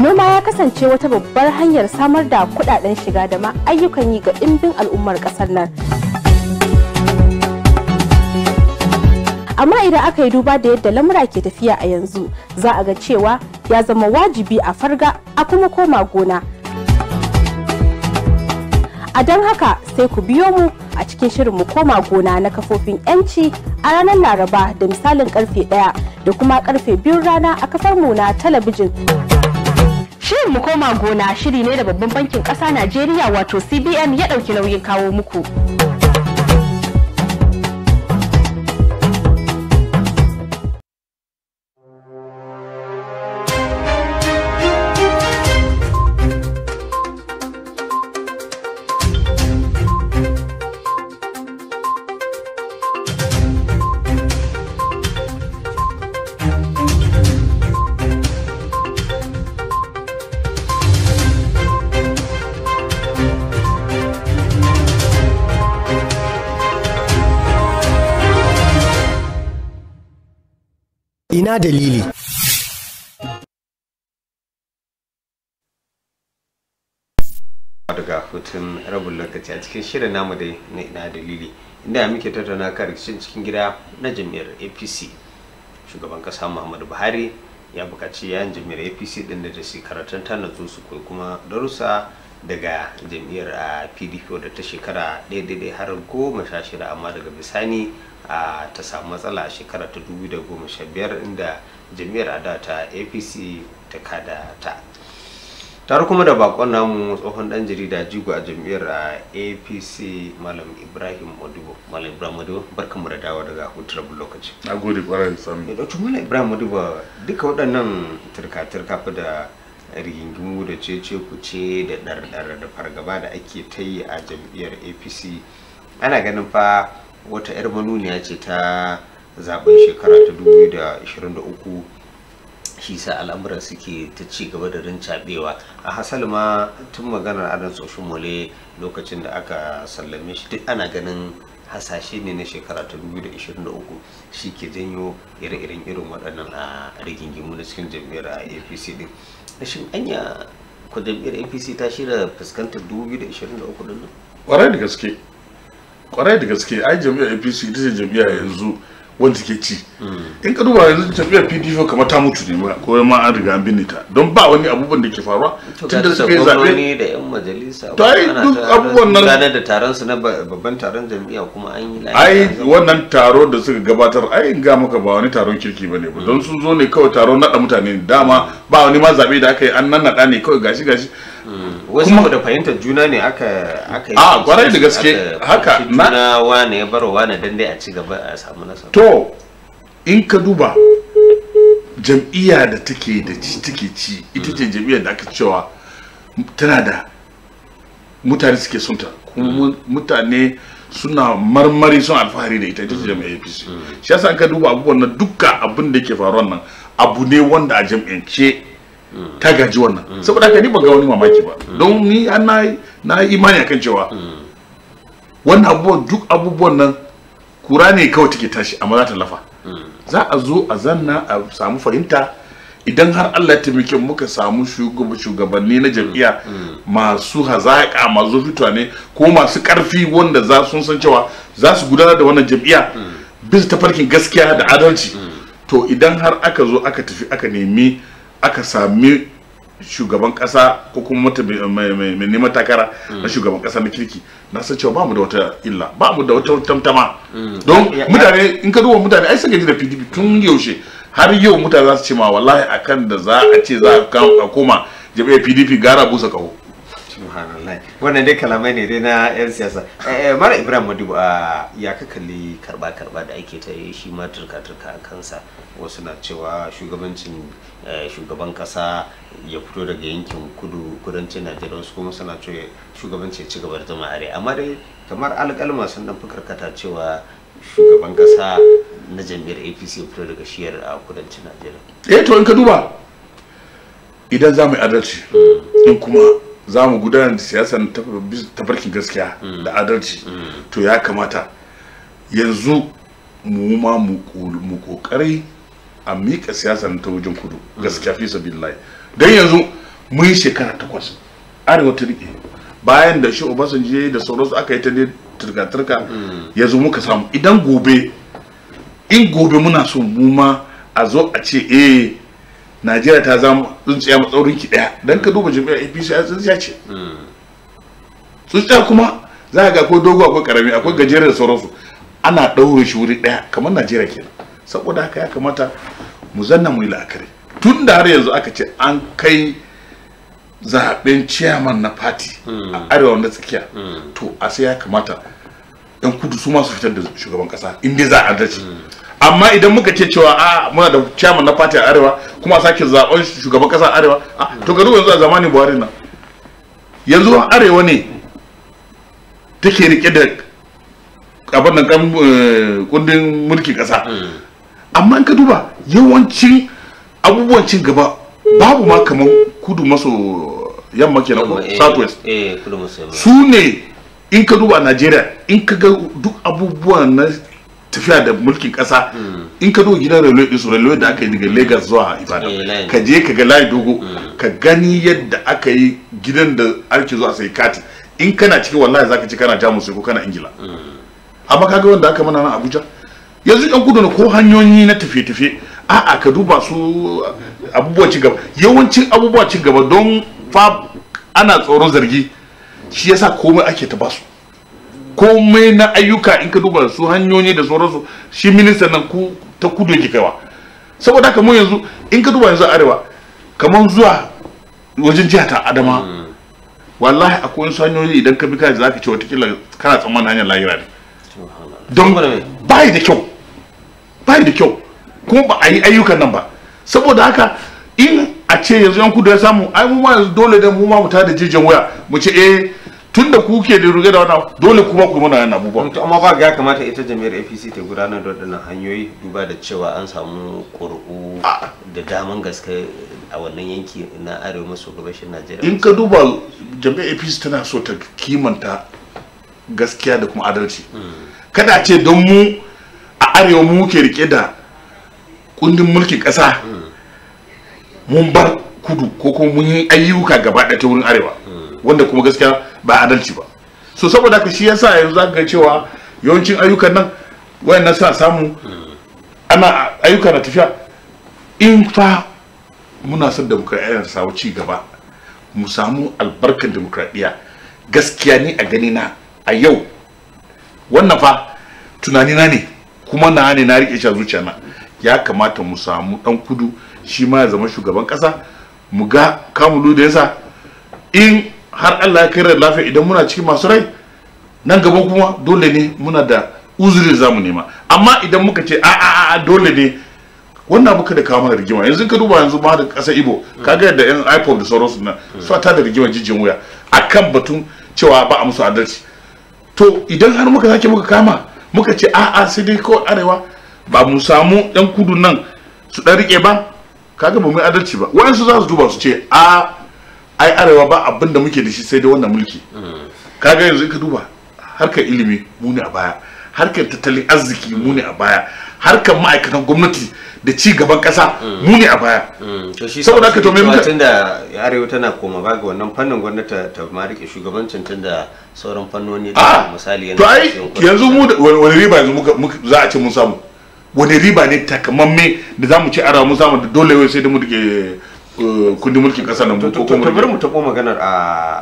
B: Noma ya kasance wata babbar hanyar samar da kudaden shiga da ma ayyukan yi ga ɗimbin al'ummar ƙasar nan. amma idan aka yi duba da yadda lamura ke tafiya a yanzu za a ga cewa ya zama wajibi a farga a kuma koma gona a don haka sai ku biyo mu a cikin shirin mu koma gona na kafofin yanci a ranar laraba da misalin karfe ɗaya da kuma karfe biyu rana a kafar mu na talabijin shirin mu koma gona shiri ne da babban bankin ƙasa najeriya wato cbn ya dauki nauyin kawo muku. ina dalili daga hutun rabin lokaci a cikin shirin namu dai na ina dalili inda muke tattauna kan rikicin cikin gida na jami'ar apc shugaban kasa muhammadu buhari ya bukaci yayin jami'ar apc din da su karatun ta natsu su koyi kuma darussa daga jami'ar pdp da ta shekara ɗaya daidai har goma sha shida amma daga bisani ta samu matsala a shekara ta 2015 inda jami'ar ada ta apc ta kada ta tare kuma da bakon namu tsohon dan jarida jigo a jami'ar apc malam ibrahim madubo malam ibrahim madubo mu da dawo daga hutar lokaci na gode kwarai sami da eh, malam ibrahim madubo duka waɗannan turka-turka da rigingimu da cece kuce da ɗarɗar da fargaba da ake ta yi a jam'iyyar apc ana ganin fa wata 'yar manuniya ce ta zaben shekara ta 2023 shi sa al'amuran suke ta ci gaba da rincaɓewa a hasal ma tun maganar adan tsoshin mole lokacin da aka sallame shi duk ana ganin hasashe ne na shekara ta 2023 shi ke janyo ire-iren irin waɗannan a rigingimu na cikin jam'iyyar apc din shin anya ko jam'iyyar apc ta shirya fuskantar 2023 din nan?
C: da gaske kwarai da gaske ai jami'a apc ita ce jam'iyya yanzu wanda ke ci in ka duba yanzu jami'a pdp kamar ta mutu ne ma ko ma an riga an binne ta don ba wani abubuwan da ke faruwa tun da suka yi zaɓe
D: da yan majalisa
C: to ai duk abubuwan nan ranar
D: da taron su na babban taron
B: jami'a kuma an yi
C: ai wannan taro da suka gabatar ai in ga maka ba wani taron kirki bane ba don sun zo ne kawai taron naɗa mutane dama ba wani ma zaɓe da aka yi an nan nada ne kawai gashi gashi wasu da fahimtar juna ne aka aka yi a ah, kwarai da gaske haka
B: juna wane ya baro wane dan dai a ci gaba a samu nasara
C: to in ka duba jam'iyya da take da ci take ci ita ce hmm. jam'iyyar da aka cewa tana da mutane suke son ta kuma hmm. mutane suna marmari sun alfahari da ita ita ce hmm. jam'iyyar APC shi yasa an ka duba abubuwan nan dukka abin da ke faruwa nan abu ne wanda a jam'iyyance ta gaji wannan saboda haka ni ban ga wani mamaki ba don ni an na imani akan cewa wannan abubuwan duk abubuwan nan kura ne kawai take tashi amma za ta lafa za a zo a zanna a samu fahimta idan har Allah ya taimake muka samu shugabanni na jam'iyya masu hazaƙa masu fitowa ne ko masu ƙarfi wanda za sun san cewa za su gudanar da wannan jam'iyya bisa farkin gaskiya da adalci to idan har aka zo aka tafi aka nemi aka sami shugaban kasa ko kuma mata mai neman takara na mm. shugaban kasa na kirki na san cewa ba mu da wata illa ba mu da wata tamtama mm. don mutane in ka duba mutane ai suka da pdp tun yaushe har yau mutane za su ce ma wallahi akan da za a ce za a koma jami'ar pdp gara busa kaho wannan dai kalamai ne dai na yan siyasa eh, eh, mara ibrahim
B: madubu a ah, ya ka kalli karba karba da ake ta shi ma turka turka a kansa wasu na cewa shugabancin eh, shugaban kasa ya fito daga yankin kudu kudancin najeriya wasu kuma suna cewa shugabancin ci gaba da zama are amma dai kamar alƙalma sun dan fi cewa shugaban kasa na jami'ar apc ya fito daga shiyar a ah, kudancin najeriya
C: eh to in ka duba idan za mu yi adalci hmm. in kuma za mu gudanar da siyasar tafarkin gaskiya mm. da adalci mm. to ya kamata yanzu mu ma mu kokari a miƙa siyasa ta wajen kudu mm. gaskiya fi sabillahi don yanzu mun yi shekara takwas arewa ta riƙe bayan da shi obasanjo da sauransu aka yi ta ne turka-turka yanzu muka samu idan gobe in gobe muna so mu ma a zo a ce eh najeriya ta zama tsuntsiya matsaurin ki daya don ka duba jami'a apc a tsuntsiya ce tsuntsiya kuma za ga akwai dogo akwai karami akwai gajeren sauransu ana ɗaure shi wuri daya kamar najeriya kenan saboda haka ya kamata mu zanna mu yi la'akari tun da har yanzu aka ce an kai zaben ciyaman na fati a arewa na tsakiya to a sai ya kamata yan kudu su masu fitar da shugaban kasa inda za a dace amma idan muka ce cewa a ah, muna da chairman na party a arewa kuma a sake zaben shugaban kasa arewa a ah, to ga yanzu a zamani buhari nan yanzu arewa ne take rike da abin da kan eh, kundin mulki kasa amma in ka duba yawancin abubuwan cin gaba babu ma kamar kudu maso yamma kenan ko eh, southwest
B: eh, su
C: ne in ka duba a Najeriya in ka ga duk abubuwan na tafiya da mulkin kasa hmm. in ka zo gidan railway din su railway da aka yi daga Lagos zuwa Ibadan eh, ka je ka ga layi dogo hmm. ka gani yadda aka yi gidan da ake zuwa sai kati in kana ciki, wallahi zaka ci kana Jamus ko kana Ingila hmm. amma kaga wanda aka mana nan Abuja yanzu yan na ko hanyoyi na tafiye-tafiye a'a ka duba su abubuwa ci gaba yawancin abubuwa ci gaba don fa ana tsoron zargi shi yasa komai ake ta basu komai na ayyuka in ka duba su hanyoyi da sauransu shi minista nan ku ta kudu yake kaiwa saboda haka mu yanzu in ka duba yanzu arewa kamar zuwa wajen jiha ta adama hmm. wallahi akwai wasu hanyoyi idan ka bi ka za ka ce watakila kana tsammanin hanyar lahira ne don bai da kyau bai da kyau kuma ba a yi ayyukan nan ba saboda haka in a ce yanzu yan kudu ya samu ai mu ma yanzu dole da mu ma mu tada jijin waya mu ce eh tunda kuke da ruge da wannan dole kuma ku muna yana abubuwa
B: to amma ga ya kamata ita jami'ar APC ta gudanar da waɗannan hanyoyi duba da cewa an samu ƙuri'u da daman gaske a wannan yanki na arewa maso gabashin Najeriya in ka
C: duba jami'ar APC tana so ta kimanta gaskiya da kuma adalci hmm. kada ce don mu a arewa mu ke rike da kundin mulkin kasa hmm. mun bar kudu ko kuma mun yi ayyuka gaba ɗaya ta wurin arewa wanda kuma gaskiya ba adalci ba so saboda haka shi yasa yanzu za ga cewa yawancin ayyukan nan wayannan suna samu ana ayyuka na tafiya in fa muna son yi samu ci gaba mu samu albarkan demokradiyya gaskiya ni a gani na a yau wannan fa tunani na ne kuma na ne na rike shi a na ya kamata mu samu dan kudu shi ma ya zama shugaban kasa mu ga kamulu da yasa in har allah ya kai da lafiya idan muna cikin masu rai nan gaba kuma dole ne muna da uzurin mu nema amma idan muka ce a a a dole ne wannan muka da kawo mana rigima yanzu ka duba yanzu ba da ƙasar ibo kaga da yan ipod da sauransu na. su ta da rigima jijin wuya A akan batun cewa ba a musu adalci to idan har muka sake muka kama muka ce a a sai dai kawai arewa ba mu samu yan kudu nan su dan rike ba kaga ba mu adalci ba wa'ansu za su duba su ce a ai arewa ba abin da muke da shi sai dai wannan mulki kaga yanzu ka duba harkar ilimi mu ne a baya harkar tattalin arziki mu ne a baya harkar ma'aikatan gwamnati da ci gaban kasa mu ne a baya saboda haka to me muka tunda
B: arewa tana koma ba ga wannan fannin gwamnati ta ma rike shugabancin tunda sauran fannoni da ah! misali yana to ai yanzu
C: mu wani riba yanzu za a ce mun samu wani riba ne takamamme da zamu ci arewa mun samu da dole sai da mu dake Eh, kundin mulkin kasa nan ko kuma to bari mu tabo maganar
B: a ah,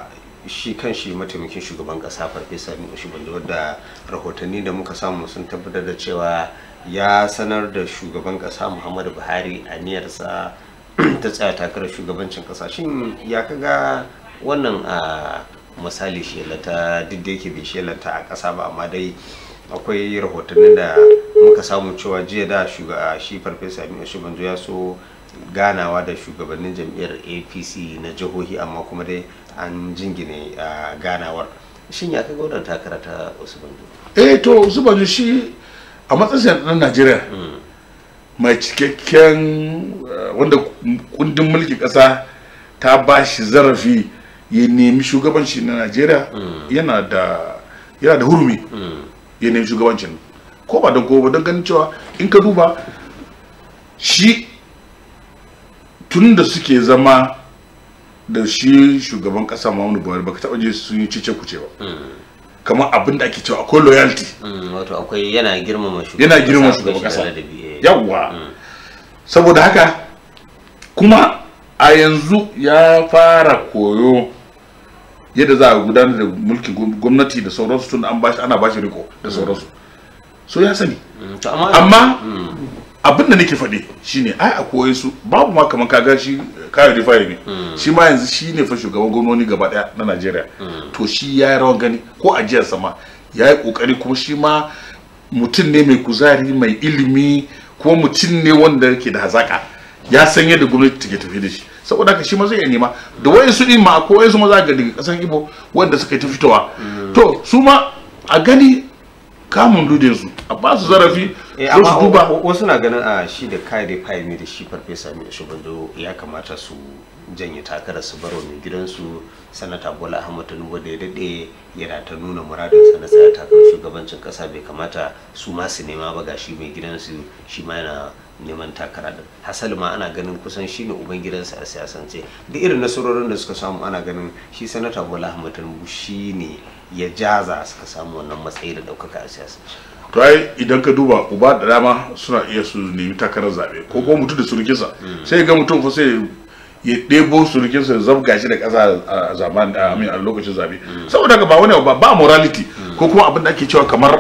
B: shi kan shi mataimakin shugaban kasa farfesa Aminu Shibanda wanda rahotanni da muka samu sun tabbatar da cewa ya sanar da shugaban kasa Muhammadu Buhari a niyarsa ta tsaya takarar shugabancin kasa shin ya kaga wannan a ah, misali shelata duk da yake bai lata a kasa ba amma dai akwai rahotannin da muka samu cewa jiya da shi farfesa Aminu Shibanda ya so ganawa da shugabannin jam'iyyar apc na jihohi amma kuma dai an jingine a ganawar shin ya kai gwamnan takara ta usubanju
C: eh to usubanju shi a matsayin na najeriya hmm. mai cikakken eh, wanda kundin mulkin kasa ta ba shi zarafi ya nemi shugabanci na najeriya hmm. yana da yana da hurumi hmm. ya nemi shugabancin ko ba don ko ba don ganin cewa in ka duba shi tun da suke zama da shi shugaban kasa Muhammadu Buhari baka taba je su yi cice kuce ba hmm. kamar abin da ake cewa akwai loyalty
D: hmm, wato akwai yana girmama
C: shugaban yana girmama shugaban kasa
D: eh.
B: yawa
C: hmm. saboda haka kuma a yanzu ya fara koyo yadda za a gudanar da mulkin gwamnati da sauransu tun an bashi ana bashi riko da sauransu so ya sani amma abin da nake faɗi shine ai a koyi su babu ma kamar kaga shi eh, kayo da ne hmm. shi ma yanzu shi ne fa shugaban gwamnoni gaba daya na Najeriya hmm. to shi ya yi rawan gani ko a jiyar sama ya yi kokari kuma shi ma mutum ne mai kuzari mai ilimi kuma mutum ne wanda yake da hazaka ya san yadda gwamnati take tafi da shi saboda haka shi ma zai iya nema da wayan su din ma ko wayan su ma za ga daga kasan Ibo wanda suka yi ta fitowa hmm. to su ma a gani kamun dudin su a ba su zarafi eh wasu na ganin a ah, shi da kai da ne
B: da shi farfesa mai bando ya kamata su janye takara su baro mai gidansu sanata bola ahmad tinubu da ya dade yana ta nuna muradinsa na tsaya takarar shugabancin kasa bai kamata su ma nema ba ga shi mai gidansu shi ma yana neman takara din hasali ma ana ganin kusan shi ne uban gidansa a siyasance duk irin nasarorin da suka samu ana ganin shi sanata bola ahmad tinubu shi ne ya jaza suka samu wannan matsayi da ɗaukaka a
C: siyasance to ai idan ka duba uba da dama suna iya su nemi takarar zabe ko kuma mutum da surukinsa sai ga mutum fa sai ya ɗebo surukinsa ya zabga shi da ƙasa a zaman a a lokacin zabe saboda haka ba wani ba ba morality ko kuma abin da ake cewa kamar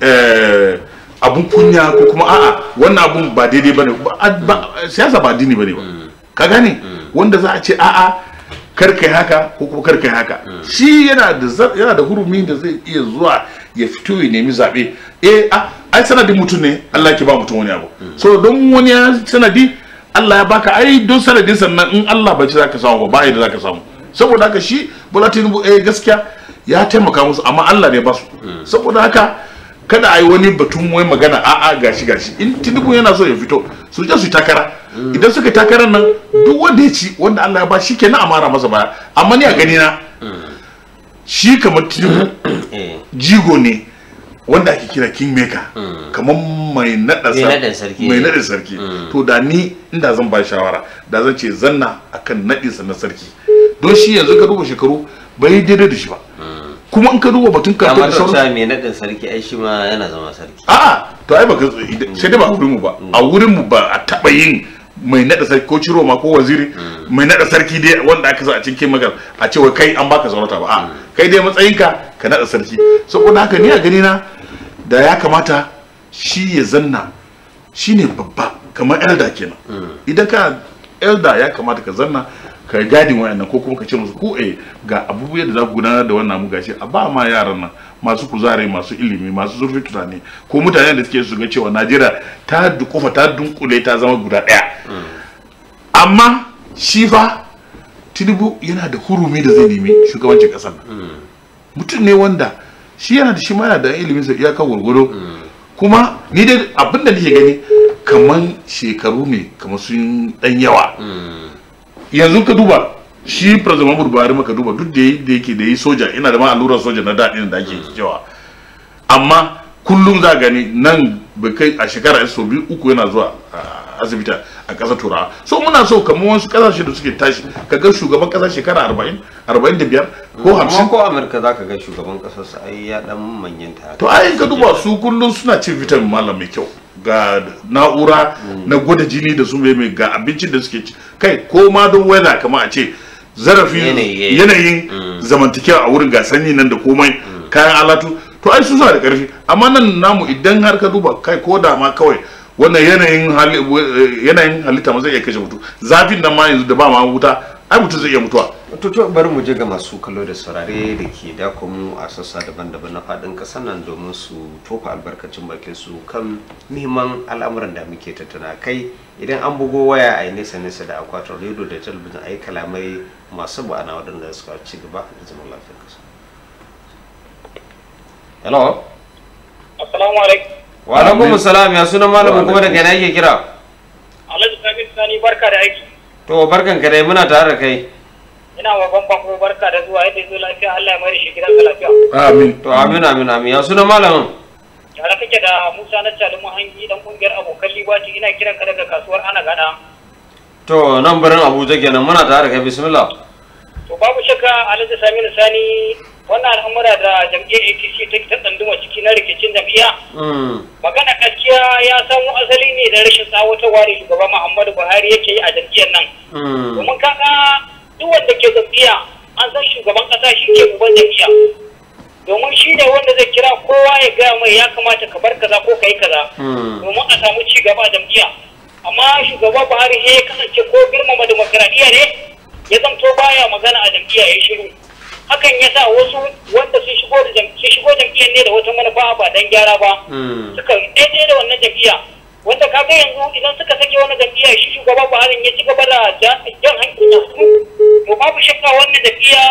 C: eh, abun kunya ko kuma a'a wannan abun ba daidai bane siyasa ba addini bane ba ka gane wanda za a ce a'a kar kai haka ko kuma kar kai haka shi yana da yana da hurumi da zai iya zuwa ya fito ya nemi zaɓe eh a, ai sanadin mutum ne Allah ke ba mutum wani abu so don wani sanadi Allah ya baka ai don sanadin sannan in Allah bai ci zaka samu ba ba yadda zaka samu saboda haka shi Bola Tinubu eh gaskiya ya taimaka musu amma Allah ne ba su hmm. saboda haka kada a wani batun wai magana a'a gashi gashi in Tinubu yana so ya fito su je su takara hmm. idan suka takarar nan duk wanda ya ci wanda Allah ya ba shi kenan amara masa baya amma ni a gani na hmm. shi kamar tinubu mm. jigo ne wanda ake kira kingmaker mm. kamar mai naɗa sarki mai naɗa sarki mm. to da ni inda zan ba shawara da zan ce zanna akan naɗinsa na sarki don shi yanzu ka duba shekaru bai daidai da shi ba kuma in ka duba batun ka kamar da mai naɗin sarki ai shi ma yana zama sarki a'a to ai baka sai dai ba wurin mu ba a wurin mu ba a taɓa yin mai nada sarki ko ciro ma ko waziri mm. mai nada sarki dai wanda aka sa a cikin magal a cewa kai an baka zaurata ba a mm. kai dai matsayinka ka nada sarki saboda haka ni a gani na da ya kamata shi ya zanna shine babba kamar elda kenan mm. idan ka elda ya kamata ka zanna ka gadi wayannan ko kuma ka ce musu ku eh ga abubuwa da za ku gudanar da wannan mu gashi a ba ma yaran nan masu kuzari masu ilimi masu zurfi tunani ko mutane da suke su ga cewa Najeriya ta dukufa ta dunkule ta zama guda daya amma shi fa Tinubu yana da hurumi da zai nemi shugabancin kasar nan mutum ne wanda shi yana da shi ma da ilimin sa iyaka gurguru kuma ni dai abinda nake gani kaman shekaru ne kamar sun dan yawa yanzu ka duba shi president burbari maka duba duk da yake da yi soja ina da ma allurar soja na daɗin da ake cewa amma kullum za gani nan kai a shekara so biyu uku yana zuwa asibita a ƙasar turawa so muna so kamar wasu ƙasashe da suke tashi ka ga shugaban ƙasa shekara 40 45 ko 50 ko
D: amurka za ka ga shugaban ƙasar su
C: ai ya manyan manyanta to ai ka duba su kullum suna cin vitamin malam mai kyau ga na'ura na gwada jini da su mai ga abincin da suke ci kai ko ma don weather kamar a ce zarafin eh. yanayin mm. zamantakewa a wurin ga sanyi nan da komai mm. kayan alatu to ai su da karfi amma nan namu idan har ka duba kai ko da ma kawai wannan yanayin eh, halitta ma zai iya kashe mutu zafin nan ma yanzu da ba ma wuta ai mutu zai iya mutuwa to bari mu ga
B: masu kallo da saurare da ke dakomu a sassa daban-daban na faɗin ƙasar nan domin su tofa albarkacin bakin su kan muhimman al'amuran da muke tattana kai idan an bugo waya a nesa-nesa da akwatin rediyo da talabijin a yi kalamai masu ba'ana waɗanda suka ci gaba da zaman lafiyar hello assalamu alaikum
D: wa alaikum ya sunan malamin kuma daga ina kira
B: alhaji
F: sani barka da aiki
D: to barkan ka dai muna tare da kai
F: ina wa bako, barka da zuwa yadda zo lafiya Allah ya mai shi gidan lafiya
D: amin to amin amin amin ya suna malamin
F: Yara kake da Musa na Calimu Hangi dan kungiyar abokan Libati ina kiran ka daga kasuwar Ana Gada
D: to nan barin Abuja kenan muna tare da kai bismillah
F: to babu shakka Alhaji Saminu Sani wannan al'amura da jam'iyyar APC ta ta tsanduma ciki na rikicin jam'iyya mm. magana gaskiya ya samu asali ne da rashin tsawatarwa da shugaban Muhammadu Buhari yake yi a jam'iyyar nan
A: mm. domin
F: kaga duk wanda ke tafiya an san shugaban kasa shi ke uban tafiya domin shi ne wanda zai kira kowa ya gaya mai ya kamata ka bar kaza ko ka yi kaza hmm. domin a samu ci gaba jam'iyya amma shugaba Buhari ne ya kasance ko girmama demokaradiyya ne ya zamto baya magana a jam'iyya ya shiru hakan ya sa wasu wanda sun shigo da jam'iyyar ne da wata manufa ba dan gyara ba
A: hmm. suka
F: daidai da wannan jam'iyya wanda ka ga yanzu idan suka sake wani jam'iyya shi shugaba Buhari ya ci gaba da jan hankin su to babu shakka wannan jam'iyya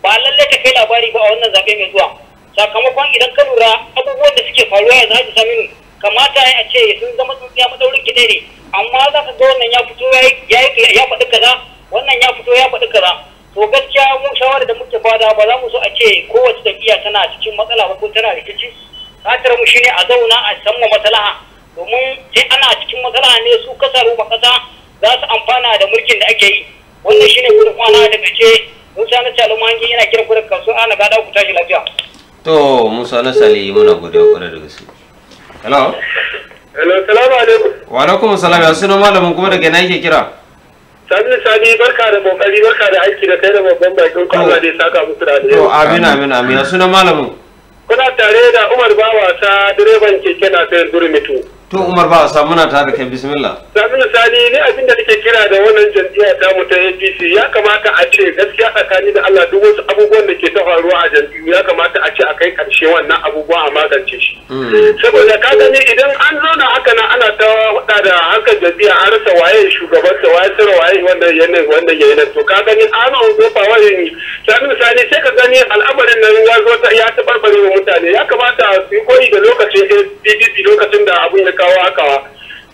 F: ba lalle ta kai labari ba a wannan zabe mai zuwa sakamakon idan ka lura abubuwan da suke faruwa yanzu Hajji Saminu kamata a ce sun zama tsuntsiya madaurin kiɗe ne amma za ka ga wannan ya fito ya faɗi kaza wannan ya fito ya faɗi kaza to gaskiya mu shawara da muke bada ba za mu so a ce kowace jam'iyya tana cikin matsala ba ko tana rikici Katar mu shine a zauna a samu maslaha domin sai ana cikin matsala ne su kasar ba kasa za su amfana da mulkin da ake yi wannan shine gudun kwana da kace musa na salumangi yana kiran kudin kasu ana gada ku tashi lafiya
D: to musa na sali muna gode kwarai da gaske hello hello
E: salamu alaikum
D: wa alaikum salam ya sunan malamin kuma daga nan yake kira
E: sani sani barka da kokari barka da aiki da kai da babban bakin ku Allah zai saka musu da alheri to amin amin
D: amin ya sunan malamin
E: kuna tare da Umar Bawa wasa direban keke na sayar durmitu
D: to umar ba sa muna ta da kai bismillah
E: sani ne abin da nake kira da wannan jam'iyyar ta mu ta APC ya kamata a ce gaskiya tsakani da Allah duk wasu abubuwan da ke ta faruwa a jam'iyyu ya kamata a ce a kai karshe wannan abubuwa a magance shi mm. saboda ka gani idan an zauna haka nan ana ta hada da harkar jam'iyya an rasa waye shugaban ta waye tsara waye wannan ya wannan na to ka gani an an gofa waye sani sai ka gani al'amarin nan ya zo ya tabarbare mutane ya kamata su yi koyi da lokacin APC lokacin da abun ya kawo haka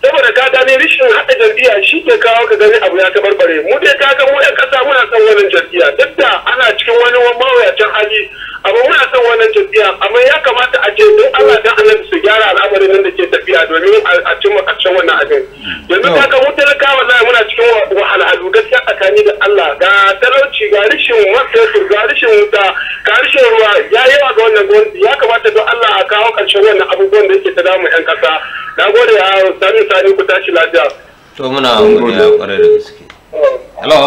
E: saboda ka gane rishin haɗa jam'iyya shi ke kawo ka gani abu ya tabarbare mu dai ka ga mu 'yan ƙasa muna son wannan jam'iyya duk da ana cikin wani mawuyacin hali amma muna son wannan tafiya amma ya kamata a ce don Allah dan Allah su gyara al'amarin nan da ke tafiya domin a cimma karshen wannan abin yanzu ta mutar kawa wallahi muna cikin wahala. wahalhalu gaskiya tsakani da Allah ga talauci ga rishin masarufi ga rishin wuta ga rishin ruwa ya yi yawa ga wannan gwamnati ya kamata don Allah a kawo karshen wannan abubuwan da yake ta damu yan kasa na gode ya sami sani ku tashi lafiya
D: to muna da gaske hello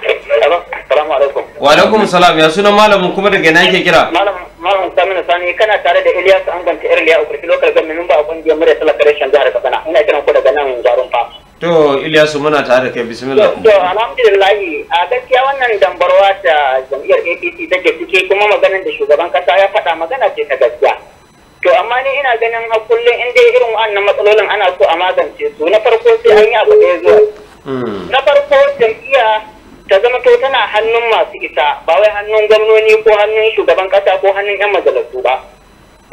E: Assalamu alaikum.
D: Wa alaikum salam ya sunan malamin kuma daga ina yake kira?
F: Malam Saminu Sani kana tare da Ilyas Anganta Irliya Ukurfi Local Government ba a kungiyar Murya Talaka Reshen Jihar Katsina. Ina kiran ku daga nan Jarun Fa.
D: To Ilyasu muna tare kai bismillah. To
F: alhamdulillah a gaskiya wannan dambarwa ta jam'iyyar APC take cike kuma maganar da shugaban kasa ya faɗa magana ce ta gaskiya. To amma ni ina ganin har kullum in dai irin wannan matsalolin ana so a magance su na farko sai an yi abu da ya zo. Hmm. Na farko jam'iyya ta zama to tana hannun masu ita ba wai hannun gwamnoni ko hannun shugaban kasa ko hannun yan majalisu ba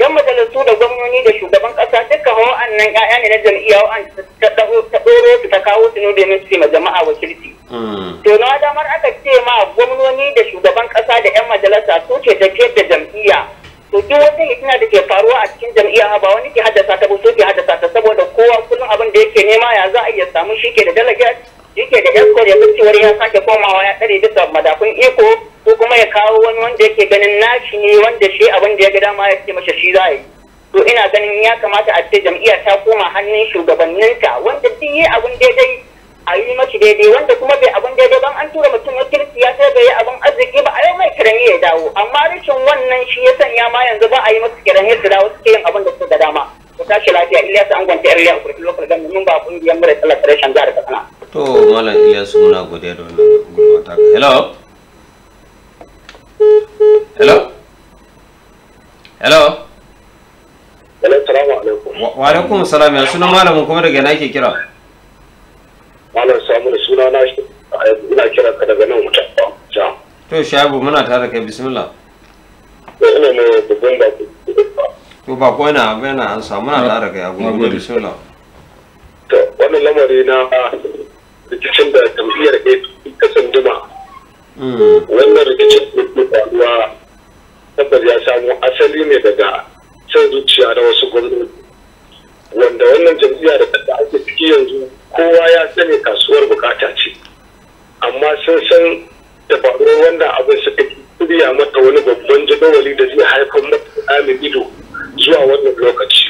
F: yan majalisu da gwamnoni da shugaban kasa duka nan ƴaƴa ne na jam'iyya wa'an ta ɗoro su ta kawo su ne min su ma jama'a wakilci mm. to na damar aka ce ma gwamnoni da shugaban kasa da yan majalisa su ke tafiyar da jam'iyya to duk wata suna da ke faruwa a cikin jam'iyya ba wani ke haddasa ta ba su ke haddasa ta saboda kowa kullum abin da yake nema ya za a iya samu shi ke da delegate yake da da yanzu cewar ya sake komawa ya tsare bisa madafun iko ko kuma ya kawo wani wanda yake ganin nashi ne wanda shi abin da ya ga dama ya ce masa shi za yi to ina ganin ya kamata a ce jam'iyya ta koma hannun shugabanninta wanda duk yi abin daidai a yi mashi daidai wanda kuma bai abin daidai ban an tura mutum ya kirki ya sai bai abin arziki ba a yau mai kiran ya dawo amma rashin wannan shi ya sanya ma yanzu ba a yi masa kiran ya dawo suke yin abin da suka dama. ko ta tashi lafiya Ilyasu Angon ta Area Kurfi Local Government mun ba kungiyar mura tsala Federation
D: jihar Katsina. To Malam Ilyasu muna godiya da wannan gudunmawa ta. Hello. Hello. Hello. Assalamu Wa alaikum salam ya sunan malamin kuma daga ina ke kira?
E: Malam Samu da suna na ina kira ka daga nan wuta.
D: To Shabu muna tare kai bismillah.
E: Ina ne babban baki.
D: to ba ko yana ba yana an samu na tare ga yabo da sola
E: to wannan lamari na rikicin da jam'iyyar APC ta sanduma
A: hmm.
D: wannan
E: rikicin da ke faruwa tabbas ya samu asali ne daga cin zuciya na wasu gwamnati wanda wannan jam'iyya da ta ake ciki yanzu kowa ya sani kasuwar bukata ce amma sun san da faruwar wanda abin suka shirya mata wani babban jadawali da zai haifar mata amin ido zuwa wannan lokaci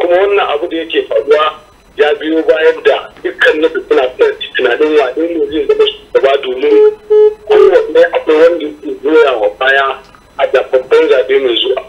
E: kuma wannan abu da yake faruwa ya biyo bayan da dukkan na suna tunanin wane ne zai zama shugaba domin kowanne akwai wanda ke goya wa baya a da babban zaɓe mai zuwa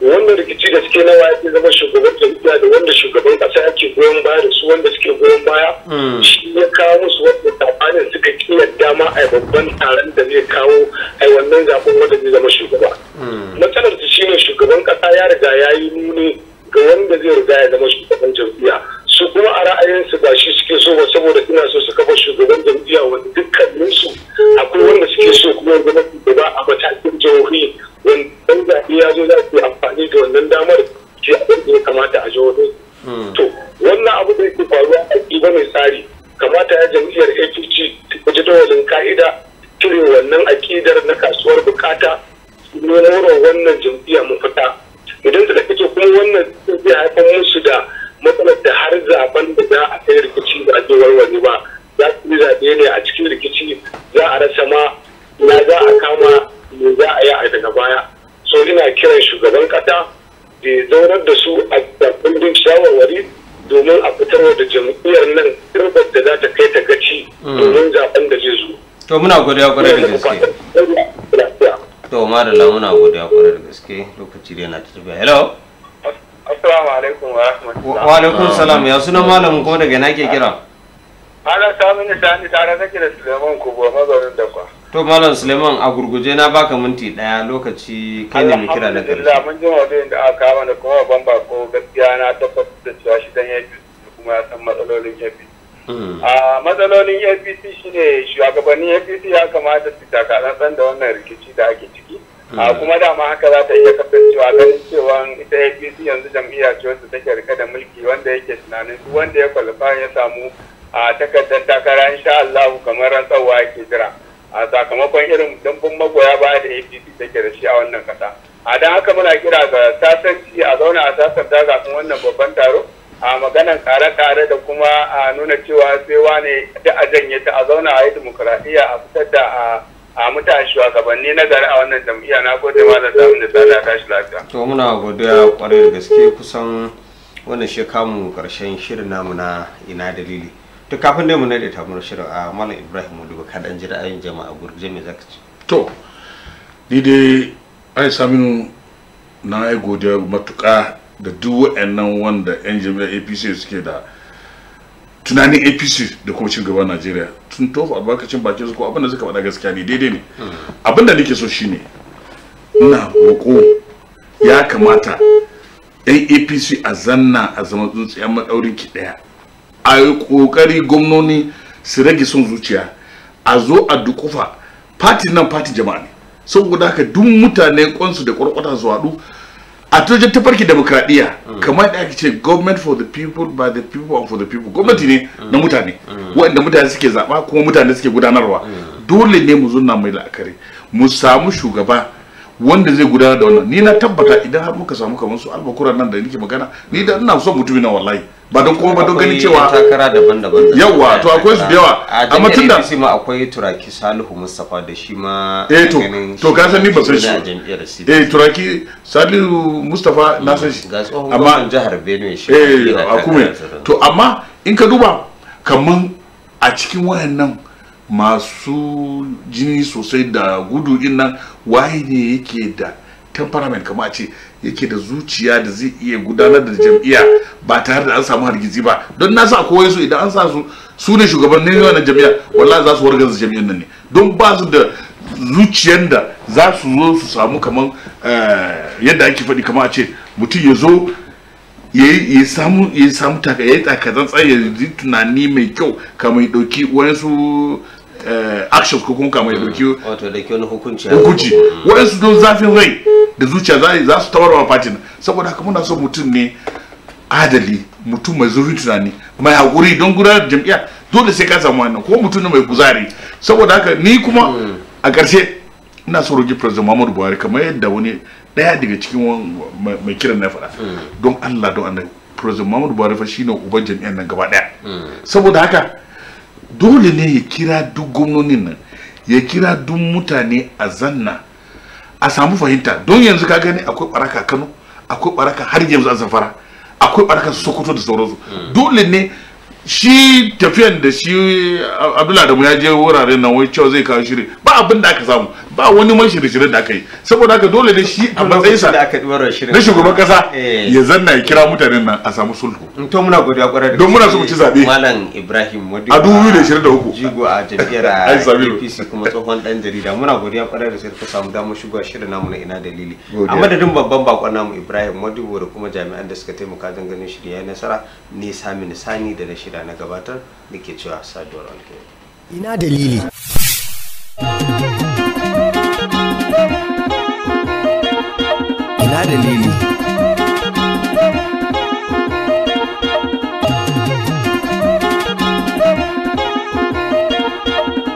E: wannan rikici da suke nawa ya zama shugaban jam'iyya da wanda shugaban kasa yake goyon baya da su wanda suke goyon baya
A: hmm. shi
E: ya kawo musu wanda tabanin suka ki yadda ma a babban taron da zai kawo a wannan zaben wanda zai zama shugaba hmm. matsalar ta shine shugaban kasa ya riga ya yi nuni ga wanda zai riga ya zama shugaban jam'iyya su kuma a ra'ayinsu ba shi suke so ba saboda ina so su kafa shugaban jam'iyya wanda dukkaninsu akwai wanda suke so kuma zama shugaba a matakin jihohi in in zaɓe ya zo za su yi amfani da wannan damar shi abin da ya kamata a jihohin hmm. to wannan abu da yake faruwa aiki ba mai tsari kamata ya jam'iyyar apc ta wajen ka'ida cire wannan akidar na kasuwar bukata nuna wannan jam'iyya fita. idan tafi kake kuma wannan zai haifar musu da matsalar da har zaben da za a kai rikici da ake warware ba za su yi zaɓe ne a cikin rikici za a rasa ma ya za a kama me za a yi a daga baya so ina kiran shugaban kasa da zaunar da su a bin shawarwari domin a fitar da jam'iyyar nan turbar da za ta kai ta gaci hmm. domin zaben da zai zo
D: to muna godiya kwarai da gaske to madalla muna godiya kwarai da gaske lokaci da yana tafiya hello
G: assalamu alaikum wa rahmatullahi wa alaikum salam ya sunan malam ko daga na ke kira ana samun nisani tare nake da Suleiman Kubo mazaunin da kwa
D: to malam suleiman a gurguje na baka minti daya lokaci kai ne mu kira na karshe
G: mun ji wani da aka kawo da kuma bamba ko gaskiya na tabbata da cewa shi dan APC kuma ya san matsalolin APC hmm. a matsalolin APC shine shugabannin APC ya kamata su taka san da wannan rikici da ake ciki a hmm. kuma dama haka za ta iya kasancewa ganin cewa ita APC yanzu jam'iyya ce wacce take rike da mulki wanda yake tunanin duk wanda ya kwalifa ya samu a takardar takara insha Allah kamar rantsarwa yake jira a sakamakon irin dimbin magoya ba da apc take da shi a wannan kasa a don haka muna kira ga sasanci a zauna a daga kafin wannan babban taro a maganan kare-kare da kuma a nuna cewa sai wane da a janye ta a zauna a yi demokuraɗiyya a fitar da a mutane shugabanni na gari a wannan jam'iyya na gode ma da samun da tsada shi lafiya.
D: to muna godiya kwarai
B: da gaske kusan wannan shekaru karshen shirin namu na ina dalili to kafin dai mu nade tabar shirin a malam ibrahim mulubu ka dan ji ra'ayin jama'a gurguje mai zaka ci
C: to ni dai ai samin na ai godiya matuƙa da duk wa'annan wanda yan jami'a apc suke da tunanin apc da kuma cin gaba najeriya tun tofa albarkacin bakin su ko abinda suka faɗa gaskiya ne daidai ne hmm. abinda nake so shine ina roƙo ya kamata yan apc a zanna a zama tsuntsiyan maɗaurin ki ɗaya a yi kokari gwamnoni su rage son zuciya a zo a dukufa fati nan fati jama'a ne saboda haka duk mutane kwansu da kwarkwata su haɗu a ta tafarki demokradiyya mm. kamar da ake ce government for the people by the people and for the people gwamnati ne mm. na mutane mm. waɗanda mutane suke zaɓa kuma mutane suke gudanarwa dole ne mu zunna mai la'akari mu samu shugaba wanda zai gudanar da wannan ni na tabbata idan har muka samu kamar su albakura nan da nake magana ni da ina son mutumi na wallahi ba don kuma ba don ganin cewa takara daban-daban yawa to akwai su da yawa amma tunda a
B: ma akwai turaki salihu mustafa da shi ma eh to to ka san ni ba san
C: shi eh turaki salihu mustafa na san shi
B: amma jihar
C: benue shi eh a kuma to amma in ka duba kaman a cikin wayannan masu jini sosai da gudu din nan waye ne yake da temperament kama a ce yake da zuciya da zai iya gudanar da jam'iyya ba tare da an samu hargitsi ba don na sa kowai su idan an sa su su ne shugabannin wannan jam'iyya wallahi za su wargaza jam'iyyar nan ne don ba su da zuciyar da za su zo su samu kamar eh, yadda ake faɗi kama a ce mutum ya zo ya samu ya samu taka ya takazan tsaye tunani mai kyau kamar ya ɗauki wani su Eh, action ko kun kama ya wato da wani hukunci hukunci su don zafin rai da zuciya za su tawarwa fatin saboda haka muna so mutum ne adali mutum mai zurfi tunani mai haƙuri don gudanar da jam'iyya dole sai ka samu wannan ko mutum ne mai kuzari saboda haka ni kuma a ƙarshe ina so roki president muhammadu buhari kamar yadda wani daya daga cikin mai kiran na faɗa mm. don allah don Allah president muhammadu buhari fa shine uban jami'an nan gaba daya mm. saboda haka dole ne ya kira duk gwamnonin nan ya kira duk mutane a zanna a samu fahimta don yanzu ka gani akwai baraka kano akwai baraka har yanzu a zafara akwai baraka sokoto da sauransu hmm. dole ne shi tafiyan da shi abdullahi da ya je wuraren nan wai cewa zai kawo shiri abin da aka samu ba wani man shirye-shirye da aka yi saboda haka dole ne shi a matsayinsa
B: na
C: shugaban kasa eh. ya zanna ya kira mutanen nan a samu
B: sulhu to muna godiya kwarai da don muna so mu ci zabe malam ibrahim wadi a 2023 jigo a jam'iyyar APC kuma tsohon dan jarida muna godiya kwarai da sai ka samu damar shugaba shirin namu na ina dalili a madadin babban bakon namu ibrahim wadi da kuma jami'an da suka taimaka don ganin ya nasara ne sami nisani da na shida na gabatar da ke cewa saduwar alkhairi ina dalili Ina
A: dalili.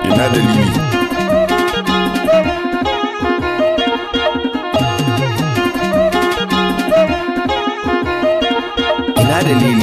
C: Ina dalili.
A: Ina dalili.